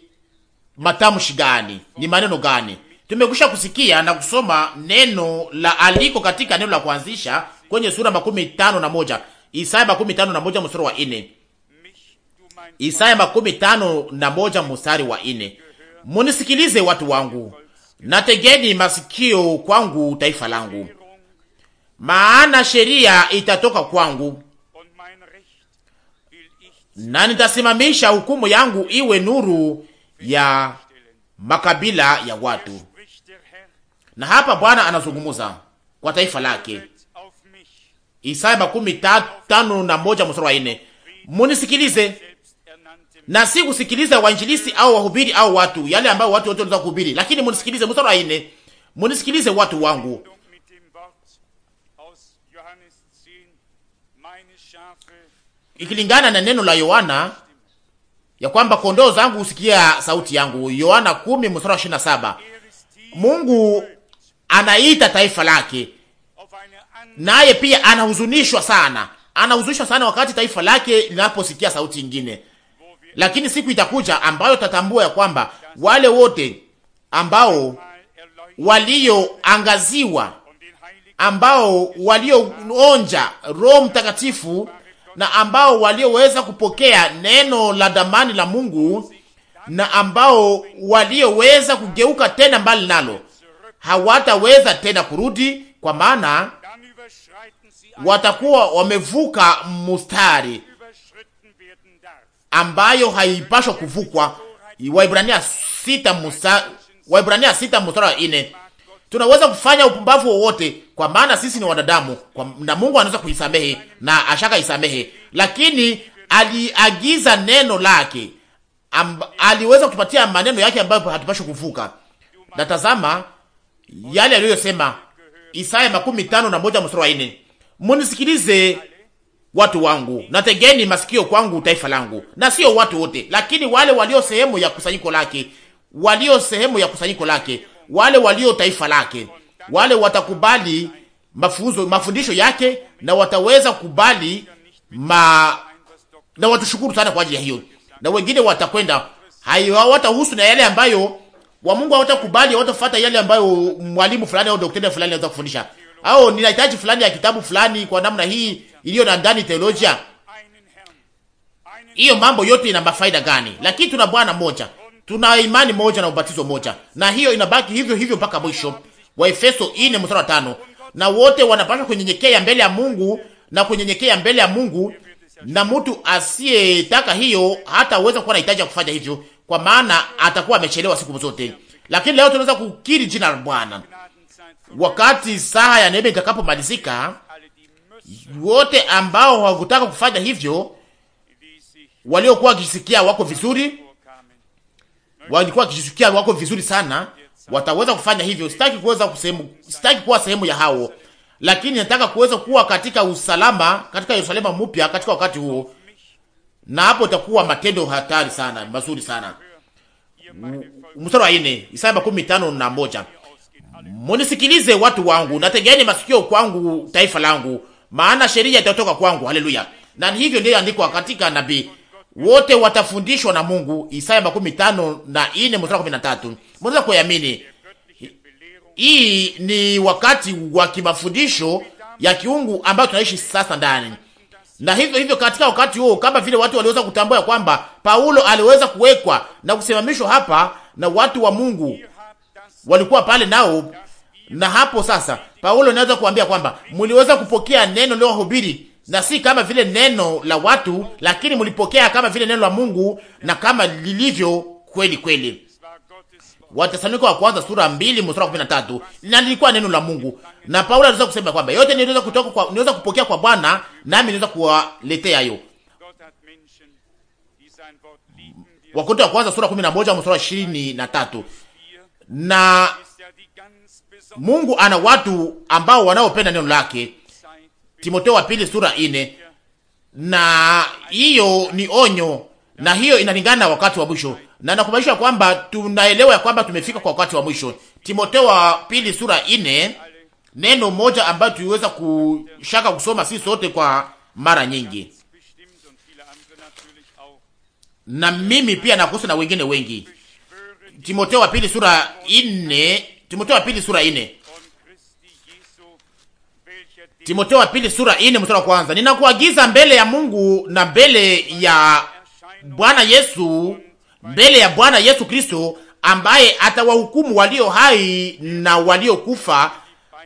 matamshi gani? Ni maneno gani? Tumekwisha kusikia na kusoma neno la aliko katika neno la kuanzisha kwenye sura makumi tano na moja Isaya makumi tano na moja mstari wa nne Isaya makumi tano na moja mstari wa ine. Munisikilize watu wangu, nategeni masikio kwangu, taifa langu, maana sheria itatoka kwangu na nitasimamisha hukumu yangu iwe nuru ya makabila ya watu. Na hapa Bwana anazungumuza kwa taifa lake. Isaya makumi tano na moja mstari wa nne. Munisikilize na si kusikiliza wainjilisi au wahubiri au watu yale ambayo watu wote wanaweza kuhubiri, lakini munisikilize. Mstari wa nne, munisikilize watu wangu, ikilingana na neno la Yohana ya kwamba kondoo zangu husikia sauti yangu, Yohana 10 mstari wa 27. Mungu anaita taifa lake, naye pia anahuzunishwa sana, anahuzunishwa sana wakati taifa lake linaposikia sauti nyingine lakini siku itakuja ambayo tatambua ya kwamba wale wote ambao walioangaziwa, ambao walioonja Roho Mtakatifu na ambao walioweza kupokea neno la damani la Mungu na ambao walioweza kugeuka tena mbali nalo hawataweza tena kurudi, kwa maana watakuwa wamevuka mustari ambayo haipashwa kuvukwa. Waibrania sita musa Waibrania sita mstari wa nne. Tunaweza kufanya upumbavu wowote, kwa maana sisi ni wanadamu kwa, na Mungu anaweza kuisamehe na ashaka isamehe, lakini aliagiza neno lake amb, aliweza kutupatia maneno yake ambayo hatupashi kuvuka. Na tazama yale aliyosema Isaya makumi tano na moja mstari wa nne, munisikilize watu wangu, na tegeni masikio kwangu, taifa langu, na sio watu wote, lakini wale walio sehemu ya kusanyiko lake, walio sehemu ya kusanyiko lake, wale walio taifa lake, wale watakubali mafunzo mafundisho yake, na wataweza kubali ma na watushukuru sana kwa ajili ya hiyo, na wengine watakwenda watahusu na yale ambayo wa Mungu hawatakubali, hawatafuata yale ambayo mwalimu fulani au daktari fulani anaweza kufundisha, au ninahitaji fulani ya kitabu fulani kwa namna hii iliyo na ndani teolojia hiyo, mambo yote ina mafaida gani? Lakini tuna Bwana moja, tuna imani moja na ubatizo moja, na hiyo inabaki hivyo hivyo mpaka mwisho. Waefeso 4 mstari wa 5, na wote wanapaswa kunyenyekea mbele ya Mungu na kunyenyekea mbele ya Mungu, na mtu asiyetaka hiyo hata uweza kuwa anahitaji ya kufanya hivyo, kwa maana atakuwa amechelewa siku zote. Lakini leo tunaweza kukiri jina la Bwana wakati saa ya neema itakapomalizika wote ambao hawakutaka kufanya hivyo, waliokuwa wakisikia wako vizuri, walikuwa wakisikia wako vizuri sana, wataweza kufanya hivyo. Sitaki kuweza kusehemu, sitaki kuwa sehemu ya hao, lakini nataka kuweza kuwa katika usalama, katika Yerusalemu mpya katika wakati huo, na hapo itakuwa matendo hatari sana mazuri sana. Mstari wa nne, Isaya makumi na moja. Munisikilize watu wangu, nategeni masikio kwangu, taifa langu maana sheria itatoka kwangu. Haleluya! Na hivyo ndio andikwa katika nabii wote watafundishwa na Mungu, Isaya makumi tano na nne mstari kumi na tatu. Mnaweza kuyamini? Hii ni wakati wa kimafundisho ya kiungu ambayo tunaishi sasa ndani. Na hivyo hivyo, katika wakati huo, kama vile watu waliweza kutambua kwamba Paulo aliweza kuwekwa na kusimamishwa hapa, na watu wa Mungu walikuwa pale nao, na hapo sasa Paulo anaweza kuambia kwamba mliweza kupokea neno leo hubiri na si kama vile neno la watu, lakini mlipokea kama vile neno la Mungu na kama lilivyo kweli kweli. Wathesalonike wa kwanza sura mbili mstari wa 13, na lilikuwa neno la Mungu. Na Paulo aliweza kusema kwamba yote niweza kutoka kwa niweza kupokea kwa Bwana, nami niweza kuwaletea hiyo. Wakorintho wa kwanza sura 11 mstari wa 23. Na Mungu ana watu ambao wanaopenda neno lake. Timoteo wa pili sura ine. Na hiyo ni onyo na hiyo inalingana na wakati wa mwisho, na nakubalisha kwamba tunaelewa ya kwamba tumefika kwa wakati wa mwisho. Timoteo wa pili sura ine, neno moja ambayo tuliweza kushaka kusoma sisi sote kwa mara nyingi, na mimi pia nakuhusu na wengine wengi. Timoteo wa pili sura ine Timotheo wa pili sura ine. Timotheo wa pili sura ine mstari wa kwanza. Ninakuagiza mbele ya Mungu na mbele ya Bwana Yesu, mbele ya Bwana Yesu Kristo ambaye atawahukumu walio hai na waliokufa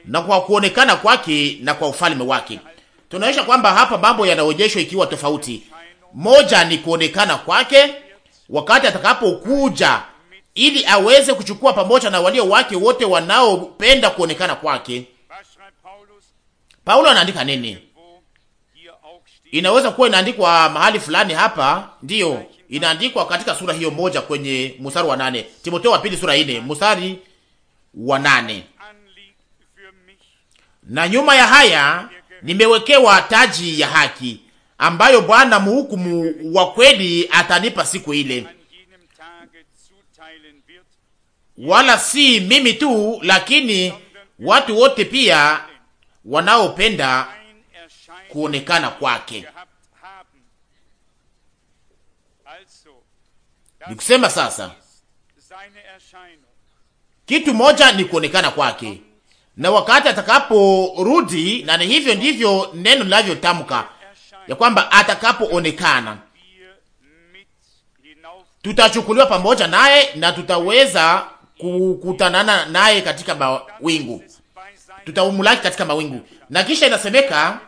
na kwa kuonekana kwake na kwa ufalme wake. Tunaonyesha kwamba hapa mambo yanaonyeshwa ikiwa tofauti. Moja ni kuonekana kwake wakati atakapokuja ili aweze kuchukua pamoja na walio wake wote wanaopenda kuonekana kwake. Paulo anaandika nini? Inaweza kuwa inaandikwa mahali fulani hapa, ndiyo inaandikwa katika sura hiyo moja kwenye mstari wa nane. Timotheo wa pili sura ine mstari wa nane. Na nyuma ya haya nimewekewa taji ya haki ambayo Bwana mhukumu wa kweli atanipa siku ile, wala si mimi tu, lakini watu wote pia wanaopenda kuonekana kwake. Ni kusema sasa, kitu moja ni kuonekana kwake, na wakati atakaporudi, na ni hivyo ndivyo neno linavyotamka ya kwamba atakapoonekana tutachukuliwa pamoja naye na tutaweza kukutanana naye katika mawingu, tutaumulaki katika mawingu. Na kisha inasemeka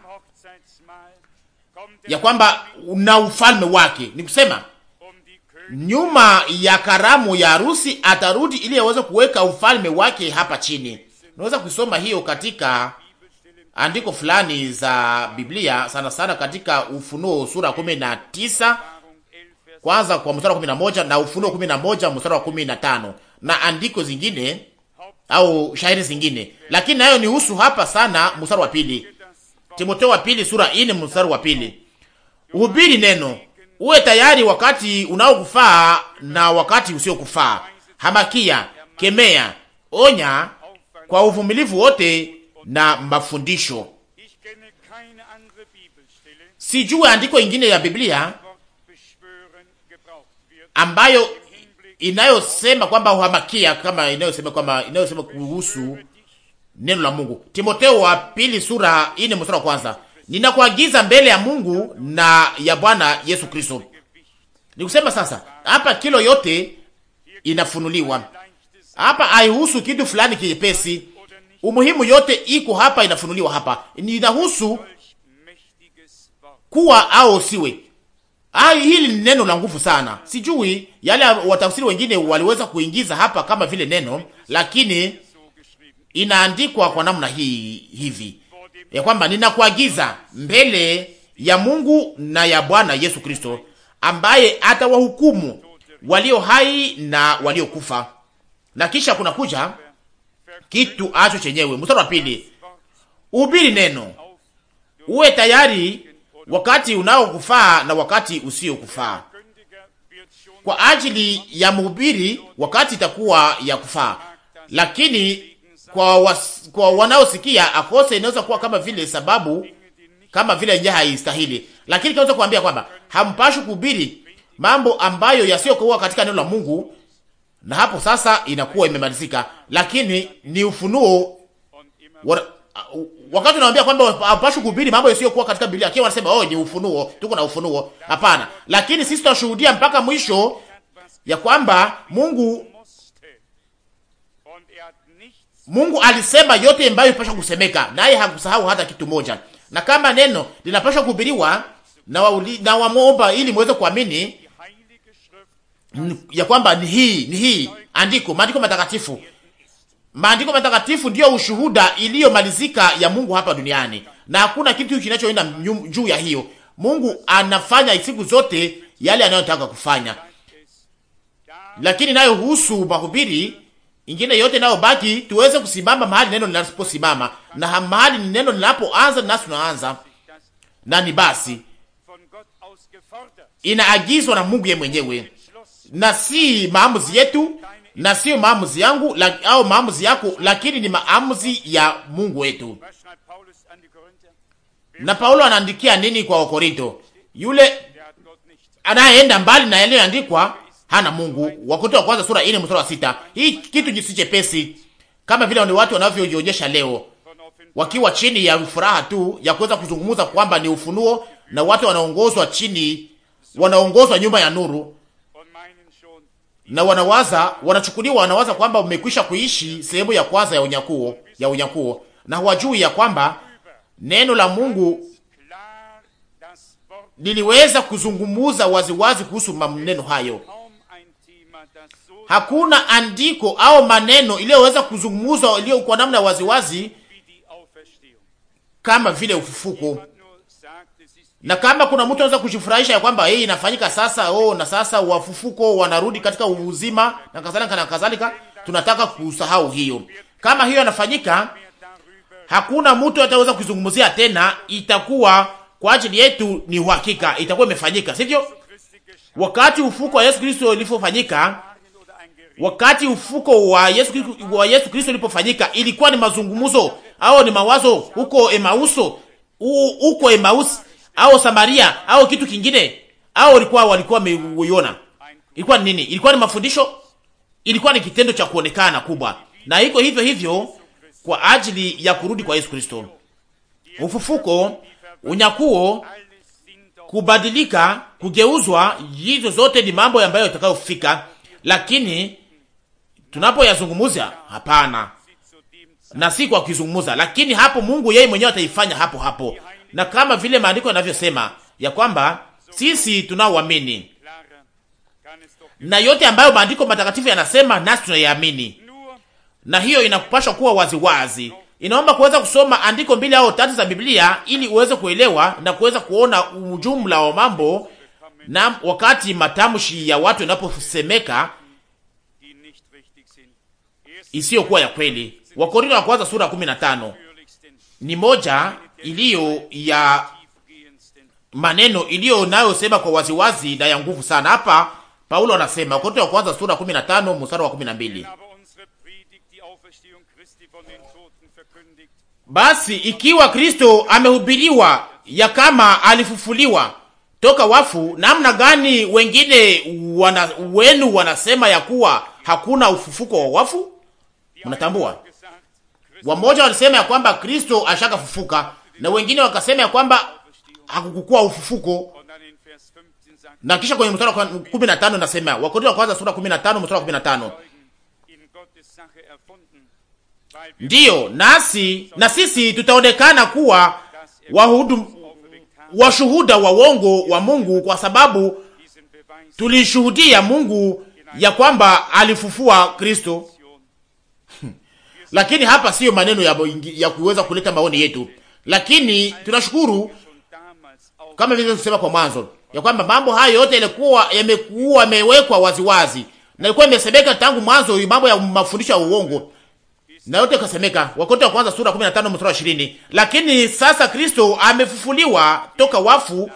ya kwamba na ufalme wake, ni kusema nyuma ya karamu ya harusi atarudi ili aweze kuweka ufalme wake hapa chini. Unaweza kusoma hiyo katika andiko fulani za Biblia, sana sana katika Ufunuo sura 19 kwanza kwa mstari wa 11 na Ufunuo 11 mstari wa 15 na andiko zingine au shairi zingine, lakini nayo ni husu hapa sana mstari wa pili, Timoteo wa pili sura ine mstari wa pili, uhubiri neno, uwe tayari wakati unaokufaa na wakati usiokufaa, hamakia, kemea, onya kwa uvumilivu wote na mafundisho. Sijue andiko ingine ya Biblia ambayo inayosema kwamba uhamakia kama inayosema kwamba inayosema kuhusu neno la Mungu. timoteo wa pili sura ine mstari wa kwanza, ninakuagiza mbele ya Mungu na ya Bwana Yesu Kristo. Nikusema sasa hapa kilo yote inafunuliwa hapa, haihusu kitu fulani kiepesi. Umuhimu yote iko hapa, inafunuliwa hapa, inahusu kuwa au siwe Ah, hili ni neno la nguvu sana. Sijui yale watafsiri wengine waliweza kuingiza hapa kama vile neno, lakini inaandikwa kwa namna hii hivi ya kwamba ninakuagiza mbele ya Mungu na ya Bwana Yesu Kristo, ambaye atawahukumu walio hai na waliokufa. Na kisha kuna kuja kitu acho chenyewe. Mstari wa pili, ubiri neno, uwe tayari wakati unaokufaa na wakati usiokufaa, kwa ajili ya mhubiri wakati itakuwa ya kufaa, lakini kwa, kwa wanaosikia akose inaweza kuwa kama vile sababu kama vile nje haistahili, lakini kinaweza kuambia kwamba hampashi kuhubiri mambo ambayo yasiyokuwa katika neno la Mungu, na hapo sasa inakuwa imemalizika, lakini ni ufunuo Uh, wakati unawaambia kwamba hapashi kuhubiri mambo yasiyokuwa katika Biblia, lakini wanasema oh, ni ufunuo, tuko na ufunuo. Hapana, lakini sisi tutashuhudia mpaka mwisho ya kwamba Mungu Mungu alisema yote ambayo ipasha kusemeka, naye hakusahau hata kitu moja. Na kama neno linapaswa kuhubiriwa na wauli, na wamwomba ili muweze kuamini ya kwamba ni hii, ni hii andiko, maandiko matakatifu Maandiko matakatifu ndiyo ushuhuda iliyomalizika ya Mungu hapa duniani, na hakuna kitu kinachoenda juu ya hiyo. Mungu anafanya siku zote yale anayotaka kufanya, lakini nayo husu mahubiri ingine yote nayo baki tuweze kusimama mahali neno linaposimama, na mahali neno linapoanza, nasi tunaanza na ni basi, inaagizwa na Mungu yeye mwenyewe na si maamuzi yetu, na sio maamuzi yangu la, au maamuzi yako, lakini ni maamuzi ya Mungu wetu. Na Paulo anaandikia nini kwa Wakorinto? Yule anayeenda mbali na yaliyoandikwa hana Mungu. Wakorinto wa kwanza sura 4 mstari wa sita. Hii kitu ni chepesi kama vile ni watu wanavyojionyesha leo wakiwa chini ya furaha tu ya kuweza kuzungumza kwamba ni ufunuo, na watu wanaongozwa chini, wanaongozwa nyumba ya nuru na wanawaza wanachukuliwa, wanawaza kwamba umekwisha kuishi sehemu ya kwanza ya unyakuo ya unyakuo, na hawajui ya kwamba neno la Mungu liliweza kuzungumuza waziwazi kuhusu maneno hayo. Hakuna andiko au maneno iliyoweza kuzungumuzwa iliyo kwa namna waziwazi kama vile ufufuko. Na kama kuna mtu anaweza kujifurahisha ya kwamba hii inafanyika sasa, oh, na sasa wafufuko wanarudi katika uzima na kadhalika na kadhalika, tunataka kusahau hiyo. Kama hiyo inafanyika, hakuna mtu ataweza kuzungumzia tena, itakuwa kwa ajili yetu ni uhakika, itakuwa imefanyika, sivyo? Wakati ufuko wa Yesu Kristo ulipofanyika, wakati ufuko wa Yesu wa Yesu Kristo ulipofanyika, ilikuwa ni mazungumzo au ni mawazo huko Emauso, huko Emausi au Samaria au kitu kingine, au walikuwa walikuwa wameiona? Ilikuwa ni nini? Ilikuwa ni mafundisho, ilikuwa ni kitendo cha kuonekana kubwa, na iko hivyo hivyo kwa ajili ya kurudi kwa Yesu Kristo, ufufuko, unyakuo, kubadilika, kugeuzwa. Hizo zote ni mambo ambayo itakayofika, lakini tunapoyazungumuza hapana, na si kwa kuzungumza, lakini hapo Mungu yeye mwenyewe ataifanya hapo hapo na kama vile maandiko yanavyosema ya kwamba sisi tunaoamini na yote ambayo maandiko matakatifu yanasema nasi tunayaamini, na hiyo inakupashwa kuwa waziwazi wazi. Inaomba kuweza kusoma andiko mbili au tatu za Biblia ili uweze kuelewa na kuweza kuona ujumla wa mambo, na wakati matamshi ya watu yanaposemeka isiyokuwa ya kweli. Wakorintho wa kwanza sura 15 ni moja iliyo ya maneno iliyo nayosema kwa waziwazi na ya nguvu sana. Hapa Paulo anasema Wakorintho wa kwanza sura 15 mstari wa 12, basi ikiwa Kristo amehubiriwa ya kama alifufuliwa toka wafu, namna gani wengine wana, wenu wanasema ya kuwa hakuna ufufuko wa wafu? Mnatambua, wamoja walisema ya kwamba Kristo ashakafufuka na wengine wakasema ya kwamba hakukukua ufufuko. Na kisha kwenye mstari wa 15 nasema, Wakorintho wa kwanza sura 15 mstari wa 15, ndiyo nasi na sisi tutaonekana kuwa wahudu washuhuda wa uongo wa Mungu kwa sababu tulishuhudia Mungu ya kwamba alifufua Kristo. Lakini hapa siyo maneno ya, ya kuweza kuleta maoni yetu, lakini tunashukuru kama vile tulisema kwa mwanzo ya kwamba mambo hayo yote yalikuwa yamekuwa yamewekwa waziwazi na ilikuwa imesemeka tangu mwanzo, mambo ya mafundisho ya uongo na yote ikasemeka, Wakorintho wa kwanza sura 15 mstari wa 20. Lakini sasa Kristo amefufuliwa toka wafu,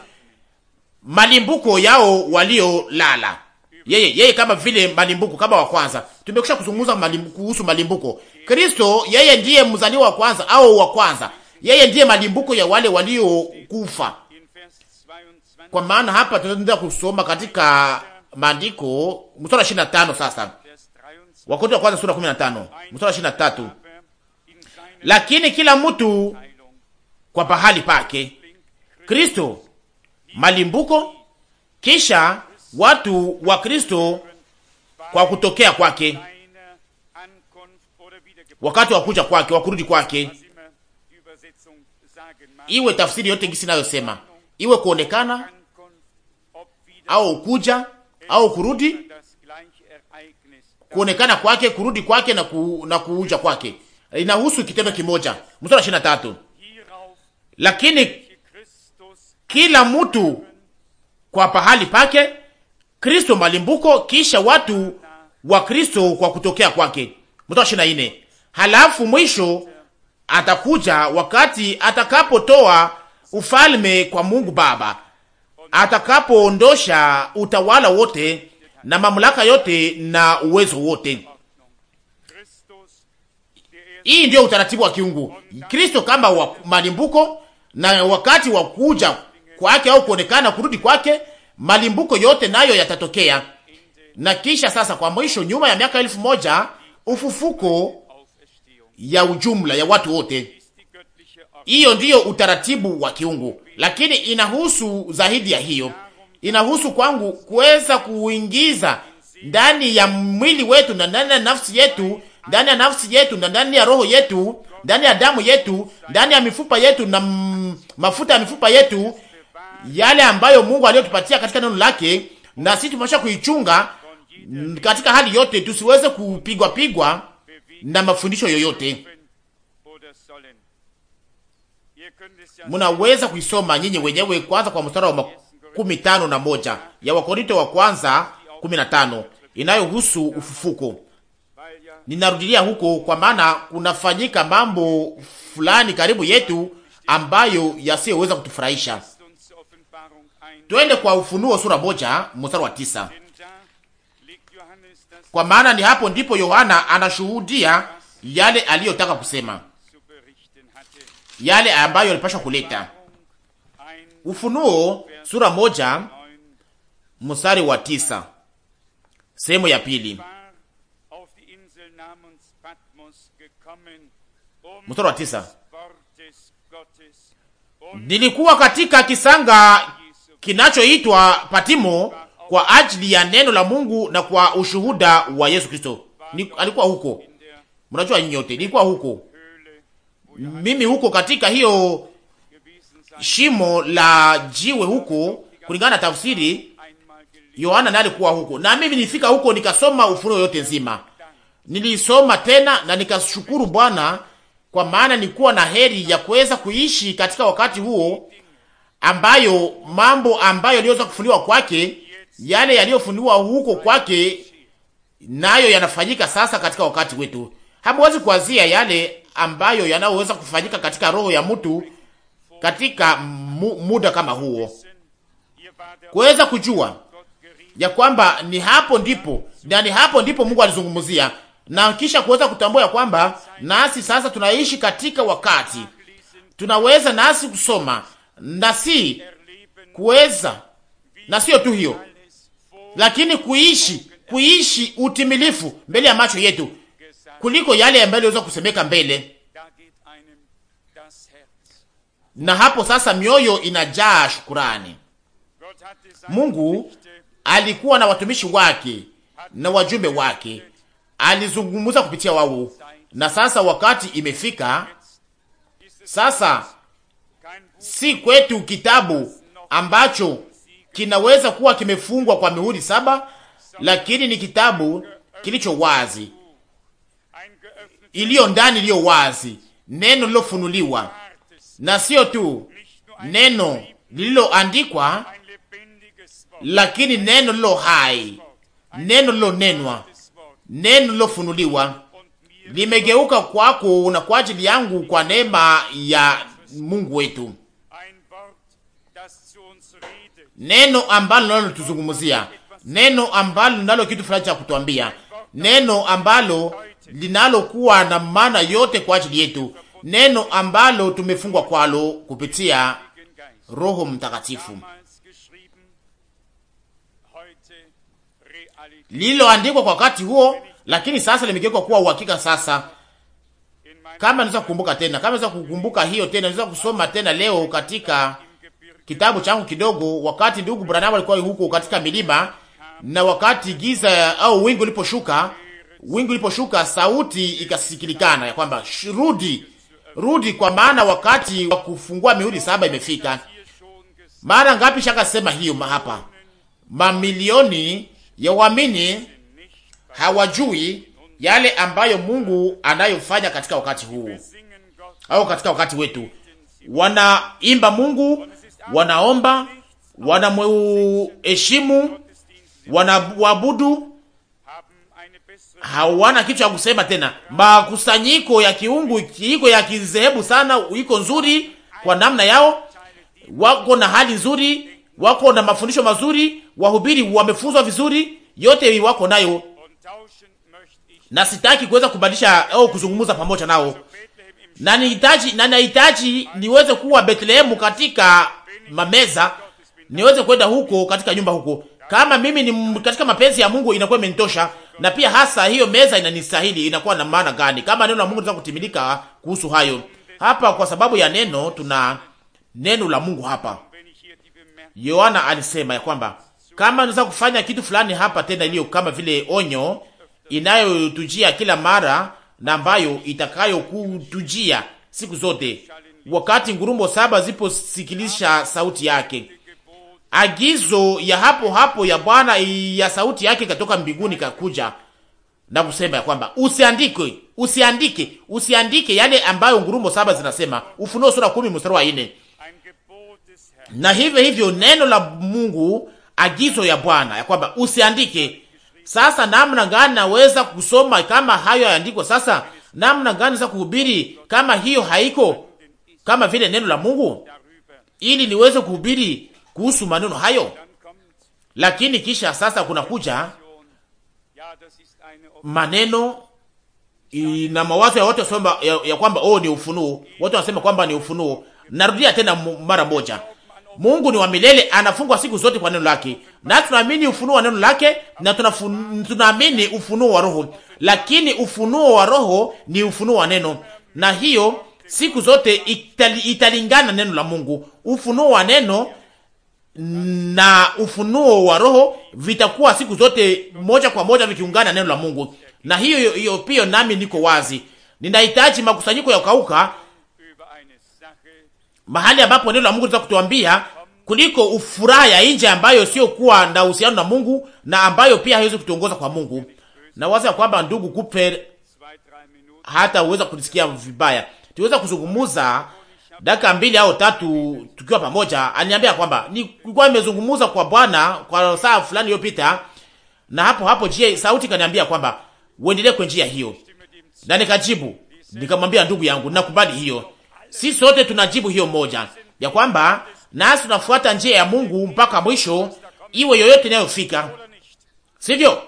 malimbuko yao waliolala yeye yeye, kama vile malimbuko kama wa kwanza. Tumekwisha kuzungumza malimbuko, kuhusu malimbuko. Kristo yeye ndiye mzaliwa wa kwanza au wa kwanza yeye ndiye malimbuko ya wale waliokufa. Kwa maana hapa tunaenda kusoma katika maandiko mstari wa tano sasa. Wakorintho wa kwanza sura 15 mstari wa tatu Lakini kila mtu kwa pahali pake, Kristo malimbuko, kisha watu wa Kristo kwa kutokea kwake, wakati wa kuja kwake, wa kurudi kwake iwe tafsiri yote ngisi inayosema, iwe kuonekana au kuja au kurudi, kuonekana kwake, kurudi kwake na, ku, na kuuja kwake, inahusu kitendo kimoja. Mstari ishirini na tatu, lakini kila mtu kwa pahali pake, Kristo malimbuko, kisha watu wa Kristo kwa kutokea kwake. Mstari ishirini na nne, halafu mwisho atakuja wakati atakapotoa ufalme kwa Mungu Baba, atakapoondosha utawala wote na mamlaka yote na uwezo wote. Hii ndiyo utaratibu wa kiungu. Kristo kama wa malimbuko, na wakati wa kuja kwake au kuonekana kurudi kwake, malimbuko yote nayo yatatokea. Na kisha sasa, kwa mwisho, nyuma ya miaka elfu moja ufufuko ya ujumla ya watu wote. Hiyo ndiyo utaratibu wa kiungu, lakini inahusu zaidi ya hiyo, inahusu kwangu kuweza kuingiza ndani ya mwili wetu na ndani ya nafsi yetu, ndani ya nafsi yetu na ndani ya roho yetu, ndani ya damu yetu, ndani ya mifupa yetu na mafuta ya mifupa yetu, yale ambayo Mungu aliyotupatia katika neno lake, na sisi tumesha kuichunga katika hali yote, tusiweze kupigwa pigwa pigwa na mafundisho yoyote. Munaweza kuisoma nyinyi wenyewe kwanza kwa mstari wa makumi tano na moja ya Wakorinto wa kwanza kumi na tano inayohusu ufufuko. Ninarudilia huko kwa maana kunafanyika mambo fulani karibu yetu ambayo yasiyoweza kutufurahisha. Twende kwa Ufunuo sura moja mstari wa tisa kwa maana ni hapo ndipo Yohana anashuhudia yale aliyotaka kusema, yale ambayo alipashwa kuleta. Ufunuo sura moja mstari wa tisa sehemu ya pili. Mstari wa tisa. Nilikuwa katika kisanga kinachoitwa Patimo kwa ajili ya neno la Mungu na kwa ushuhuda wa Yesu Kristo. Alikuwa huko, mnajua nyote, nilikuwa huko mimi huko katika hiyo shimo la jiwe huko, kulingana na tafsiri Yohana naye alikuwa huko, na mimi nilifika huko nikasoma Ufunuo yote nzima, nilisoma tena na nikashukuru Bwana kwa maana nilikuwa na heri ya kuweza kuishi katika wakati huo ambayo mambo ambayo yaliweza kufunuliwa kwake yale yaliyofundiwa huko kwake nayo yanafanyika sasa katika wakati wetu. Hamuwezi kuazia yale ambayo yanayoweza kufanyika katika roho ya mtu katika muda kama huo, kuweza kujua ya kwamba ni hapo ndipo na ni hapo ndipo Mungu alizungumzia, na kisha kuweza kutambua ya kwamba nasi sasa tunaishi katika wakati, tunaweza nasi kusoma na si kuweza na sio tu hiyo lakini kuishi kuishi utimilifu mbele ya macho yetu kuliko yale ambayo iliweza kusemeka mbele. Na hapo sasa mioyo inajaa shukurani. Mungu alikuwa na watumishi wake na wajumbe wake, alizungumza kupitia wao, na sasa wakati imefika sasa, si kwetu kitabu ambacho kinaweza kuwa kimefungwa kwa mihuri saba, lakini ni kitabu kilicho wazi, iliyo ndani, iliyo wazi, neno lilofunuliwa, na sio tu neno lililoandikwa, lakini neno lilo hai, neno lilonenwa, neno lilofunuliwa limegeuka kwako na kwa ajili yangu kwa neema ya Mungu wetu neno ambalo nalo tuzungumzia, neno ambalo linalo kitu fulani cha kutuambia, neno ambalo linalokuwa na maana yote kwa ajili yetu, neno ambalo tumefungwa kwalo kupitia Roho Mtakatifu lililoandikwa kwa wakati huo, lakini sasa limegeuka kuwa uhakika sasa. Kama naweza kukumbuka tena, kama naweza kukumbuka hiyo tena, naweza kusoma tena leo katika kitabu changu kidogo, wakati ndugu Branham alikuwa huko katika milima, na wakati giza au wingu liposhuka, wingu liposhuka, sauti ikasikilikana ya kwamba rudi, rudi, kwa maana wakati wa kufungua mihuri saba imefika. Mara ngapi shaka sema hiyo hapa, mamilioni ya waamini hawajui yale ambayo Mungu anayofanya katika wakati huu au katika wakati wetu. Wanaimba Mungu wanaomba, wanamheshimu, wanaabudu, hawana kitu cha kusema tena. Makusanyiko ya kiungu iko ya kizehebu sana, iko nzuri kwa namna yao, wako na hali nzuri, wako na mafundisho mazuri, wahubiri wamefunzwa vizuri, yote wako nayo na sitaki kuweza kubadilisha au kuzungumza pamoja nao, na na nahitaji niweze kuwa Bethlehemu katika mameza niweze kwenda huko katika nyumba huko. Kama mimi ni katika mapenzi ya Mungu inakuwa imenitosha, na pia hasa hiyo meza inanistahili. Inakuwa na maana gani kama neno la Mungu linataka kutimilika kuhusu hayo hapa? Kwa sababu ya neno, tuna neno la Mungu hapa. Yohana alisema ya kwamba kama unaweza kufanya kitu fulani hapa tena, iliyo kama vile onyo inayotujia kila mara na ambayo itakayokutujia siku zote wakati ngurumbo saba ziposikilisha sauti yake. Agizo ya hapo hapo ya Bwana ya sauti yake katoka mbinguni kakuja na kusema ya kwamba usiandike, usiandike, usiandike yale ambayo ngurumo saba zinasema. Ufunuo sura kumi mstari wa nne. Na hivyo hivyo neno la Mungu, agizo ya Bwana ya kwamba usiandike. Sasa namna gani naweza kusoma kama hayo hayaandikwa? Sasa namna gani za kuhubiri kama hiyo haiko? kama vile neno la Mungu ili niweze kuhubiri kuhusu maneno hayo. Lakini kisha sasa kuna kuja maneno na mawazo ya watu ya, ya kwamba oh, ni ufunuo. Watu wanasema kwamba ni ufunuo. Narudia tena mara moja, Mungu ni wa milele, anafungwa siku zote kwa neno lake, na tunaamini ufunuo wa neno lake na tunaamini ufunuo wa Roho, lakini ufunuo wa Roho ni ufunuo wa neno, na hiyo siku zote itali, italingana neno la Mungu. Ufunuo wa neno na ufunuo wa roho vitakuwa siku zote moja kwa moja vikiungana neno la Mungu, na hiyo hiyo pia nami niko wazi, ninahitaji makusanyiko ya kauka mahali ambapo neno la Mungu litaweza kutuambia kuliko ufuraha ya nje ambayo sio kuwa na uhusiano na Mungu na ambayo pia haiwezi kutuongoza kwa Mungu. Na waza ya kwamba ndugu Kuper hata uweza kunisikia vibaya tuweza kuzungumuza dakika mbili au tatu tukiwa pamoja, aliniambia kwamba nilikuwa nimezungumuza kwa Bwana kwa saa fulani iliyopita, na hapo hapo je, sauti kaniambia kwamba uendelee kwa njia hiyo, na nikajibu nikamwambia ndugu yangu, nakubali hiyo. Si sote tunajibu hiyo moja ya kwamba nasi tunafuata njia ya Mungu mpaka mwisho, iwe yoyote inayofika, sivyo?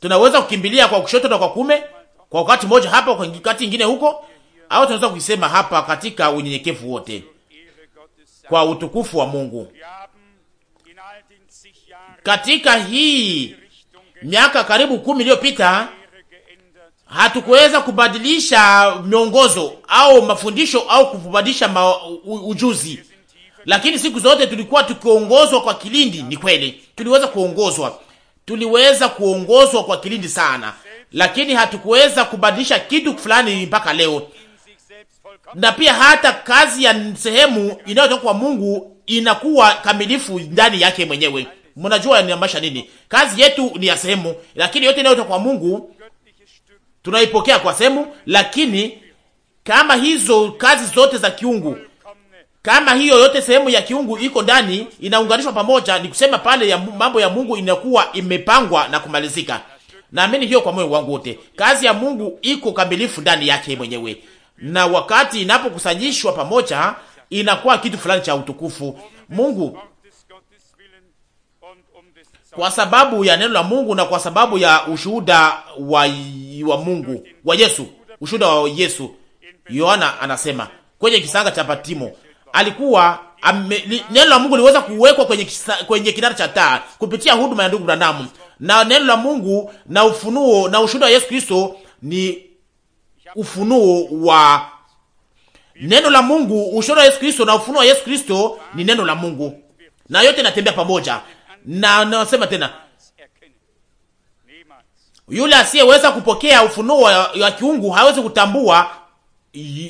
Tunaweza kukimbilia kwa kushoto na kwa kume kwa wakati mmoja hapa, kwa wakati ingine huko, au tunaweza kuisema hapa katika unyenyekevu wote kwa utukufu wa Mungu. Katika hii miaka karibu kumi iliyopita hatukuweza kubadilisha miongozo au mafundisho au kubadilisha ma ujuzi, lakini siku zote tulikuwa tukiongozwa kwa kilindi. Ni kweli tuliweza kuongozwa, tuliweza kuongozwa kwa kilindi sana, lakini hatukuweza kubadilisha kitu fulani mpaka leo, na pia hata kazi ya sehemu inayotoka kwa Mungu inakuwa kamilifu ndani yake mwenyewe. Mnajua inamaanisha nini? Kazi yetu ni ya sehemu, lakini yote inayotoka kwa Mungu tunaipokea kwa sehemu, lakini kama hizo kazi zote za kiungu kama hiyo yote sehemu ya kiungu iko ndani inaunganishwa pamoja, ni kusema pale ya mambo ya Mungu inakuwa imepangwa na kumalizika. Naamini hiyo kwa moyo wangu wote. Kazi ya Mungu iko kamilifu ndani yake mwenyewe, na wakati inapokusanyishwa pamoja inakuwa kitu fulani cha utukufu Mungu, kwa sababu ya neno la Mungu na kwa sababu ya ushuhuda wa, wa Mungu wa Yesu, ushuhuda wa Yesu. Yohana anasema kwenye kisanga cha Patimo alikuwa ame, li, neno la Mungu liweza kuwekwa kwenye, kisa, kwenye kinara cha taa kupitia huduma ya ndugu Branham na neno la Mungu na ufunuo na ushuhuda wa Yesu Kristo ni ufunuo wa neno la Mungu. Ushuhuda wa Yesu Kristo na ufunuo wa Yesu Kristo ni neno la Mungu, na yote natembea pamoja. Na nasema tena, yule asiyeweza kupokea ufunuo wa kiungu hawezi kutambua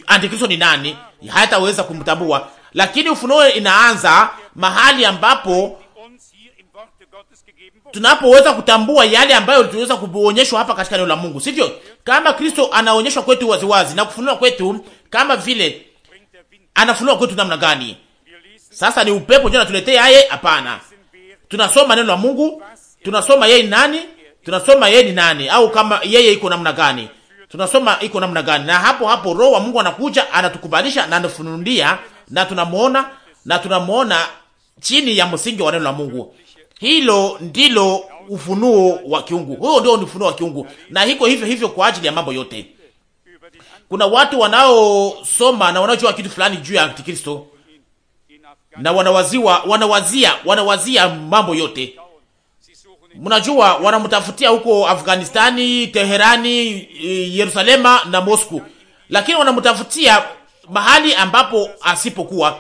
Antikristo ni nani, hataweza kumtambua. Lakini ufunuo inaanza mahali ambapo tunapoweza kutambua yale ambayo tuliweza kuonyeshwa hapa katika neno la Mungu, sivyo? Kama Kristo anaonyeshwa kwetu waziwazi wazi, na kufunua kwetu kama vile anafunua kwetu namna gani? Sasa ni upepo ndio anatuletea yeye? Hapana, tunasoma neno la Mungu, tunasoma yeye nani, tunasoma yeye ni nani, au kama yeye iko namna gani, tunasoma iko namna gani, na hapo hapo Roho wa Mungu anakuja, anatukubalisha na anafunulia, na tunamuona na tunamuona chini ya msingi wa neno la Mungu. Hilo ndilo ufunuo wa kiungu, huo ndio ni ufunuo wa kiungu, na hiko hivyo hivyo kwa ajili ya mambo yote. Kuna watu wanaosoma na wanaojua kitu fulani juu ya Antikristo na wanawaziwa, wanawazia wanawazia mambo yote. Mnajua, wanamtafutia huko Afghanistani, Teherani, eh, Yerusalema na Moscow, lakini wanamtafutia mahali ambapo asipokuwa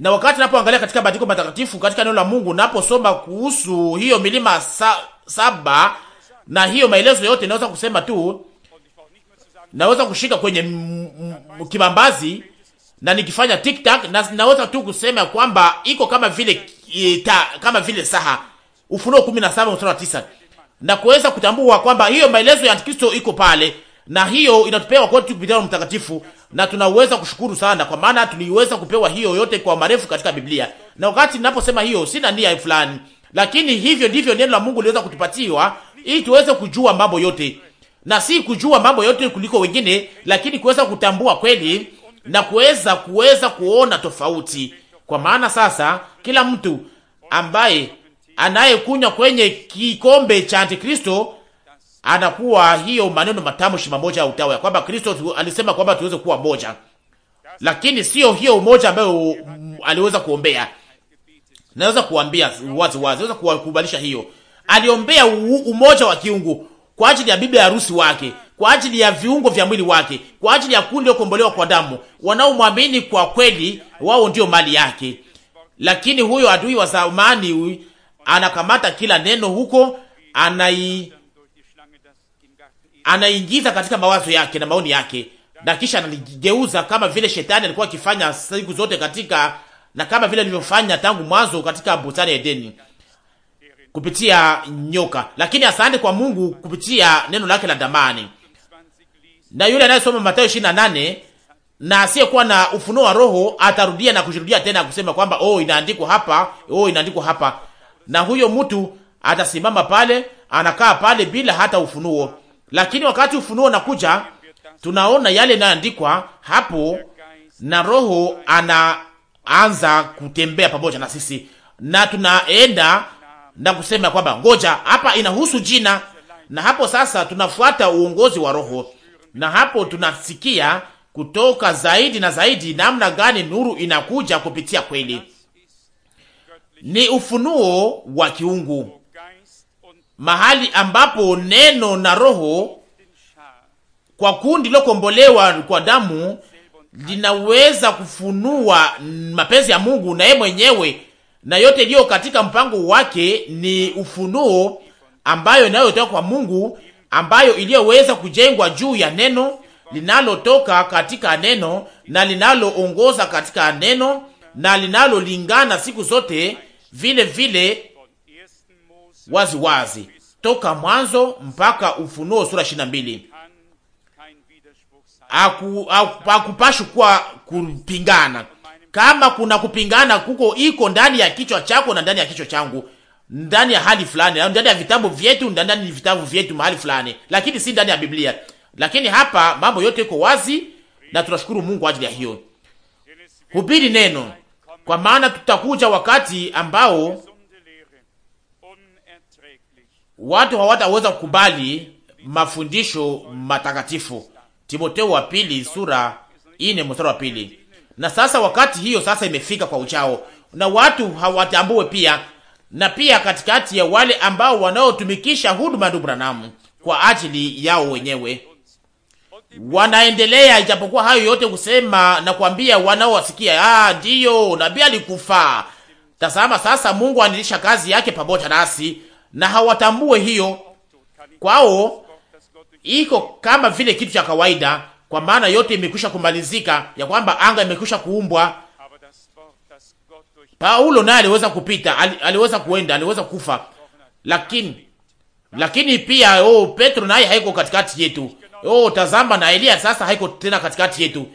na wakati napoangalia katika maandiko matakatifu katika neno la Mungu, naposoma kuhusu hiyo milima sa, saba na hiyo maelezo yote, naweza kusema tu naweza kushika kwenye kibambazi na nikifanya tik tak na naweza tu kusema kwamba iko kama vile ita, kama vile saha Ufunuo 17 mstari wa 9, na kuweza kutambua kwamba hiyo maelezo ya Antikristo iko pale, na hiyo inatupewa kwa kupitia Mtakatifu, na tunaweza kushukuru sana, kwa maana tuliweza kupewa hiyo yote kwa marefu katika Biblia. Na wakati ninaposema hiyo, sina nia fulani, lakini hivyo ndivyo neno la Mungu liweza kutupatiwa ili tuweze kujua mambo yote, na si kujua mambo yote kuliko wengine, lakini kuweza kutambua kweli na kuweza kuweza kuona tofauti, kwa maana sasa kila mtu ambaye anayekunywa kwenye kikombe cha Antikristo anakuwa hiyo maneno matamu shima moja ya utawa, kwamba Kristo alisema kwamba tuweze kuwa moja, lakini sio hiyo umoja ambayo aliweza kuombea. Naweza kuambia wazi wazi, naweza kuwakubalisha hiyo. Aliombea umoja wa kiungu kwa ajili ya bibi ya harusi wake, kwa ajili ya viungo vya mwili wake, kwa ajili ya kundi lokombolewa kwa damu. Wanaomwamini kwa kweli, wao ndio mali yake. Lakini huyo adui wa zamani anakamata kila neno huko, anai anaingiza katika mawazo yake na maoni yake, na kisha analigeuza kama vile shetani alikuwa akifanya siku zote katika na kama vile alivyofanya tangu mwanzo katika bustani ya Edeni kupitia nyoka. Lakini asante kwa Mungu kupitia neno lake la damani. Na yule anayesoma Mathayo 28 na asiyekuwa na ufunuo wa Roho atarudia na kujirudia tena kusema kwamba oh, inaandikwa hapa, oh, inaandikwa hapa, na huyo mtu atasimama pale, anakaa pale bila hata ufunuo lakini wakati ufunuo unakuja, tunaona yale yanayoandikwa hapo, na Roho anaanza kutembea pamoja na sisi, na tunaenda na kusema kwamba ngoja hapa, inahusu jina, na hapo sasa tunafuata uongozi wa Roho, na hapo tunasikia kutoka zaidi na zaidi namna gani nuru inakuja kupitia kweli. Ni ufunuo wa kiungu mahali ambapo neno na roho kwa kundi lokombolewa kwa damu linaweza kufunua mapenzi ya Mungu na yeye mwenyewe na yote iliyo katika mpango wake, ni ufunuo ambayo inayotoka kwa Mungu, ambayo iliyoweza kujengwa juu ya neno linalotoka katika neno na linaloongoza katika neno na linalolingana siku zote vile vile wazi wazi toka Mwanzo mpaka Ufunuo sura 22. Hakupashi kuwa kupingana. Kama kuna kupingana, kuko iko ndani ya kichwa chako na ndani ya kichwa changu, ndani ya hali fulani, ndani ya vitabu vyetu, ndani ya vitabu vyetu mahali fulani, lakini si ndani ya Biblia. Lakini hapa mambo yote iko wazi, na tunashukuru Mungu kwa ajili ya hiyo. Hubiri neno, kwa maana tutakuja wakati ambao watu hawataweza kukubali mafundisho matakatifu. Timoteo wa pili sura ine mstari wa pili. Na sasa wakati hiyo sasa imefika kwa uchao, na watu hawatambue pia, na pia katikati ya wale ambao wanaotumikisha huduma ndugu Branham kwa ajili yao wenyewe wanaendelea ijapokuwa hayo yote kusema na kuambia wanaowasikia, ah, ndiyo nabii alikufa. Tazama sasa, Mungu anilisha kazi yake pamoja nasi na hawatambue hiyo, kwao iko kama vile kitu cha kawaida, kwa maana yote imekwisha kumalizika, ya kwamba anga imekwisha kuumbwa. Paulo naye aliweza kupita, aliweza kuenda, aliweza kufa, lakini lakini pia oh, Petro naye haiko katikati yetu. Oh, tazama na Elia sasa haiko tena katikati yetu,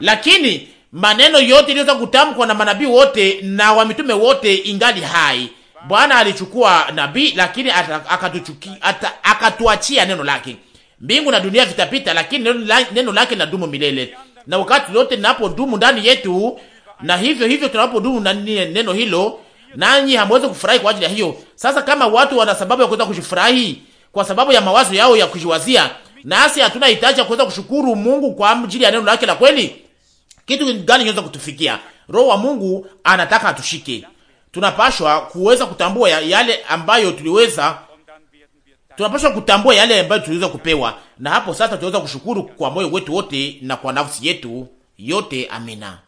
lakini maneno yote iliweza kutamkwa na manabii wote na wamitume wote ingali hai Bwana alichukua nabii, lakini akatuchuki akatuachia neno lake. Mbingu na dunia vitapita, lakini neno, neno lake na dumu milele. Na wakati lote linapodumu ndani yetu, na hivyo hivyo tunapodumu ndani neno hilo, nanyi hamwezi kufurahi kwa ajili ya hiyo. Sasa kama watu wana sababu ya kuweza kujifurahi kwa sababu ya mawazo yao ya kujiwazia, nasi hatuna hitaji ya kuweza kushukuru Mungu kwa ajili ya neno lake la kweli. Kitu gani kinaweza kutufikia? Roho wa Mungu anataka atushike tunapashwa kuweza kutambua yale ambayo tuliweza, tunapashwa kutambua yale ambayo tuliweza kupewa, na hapo sasa tunaweza kushukuru kwa moyo wetu wote na kwa nafsi yetu yote. Amina.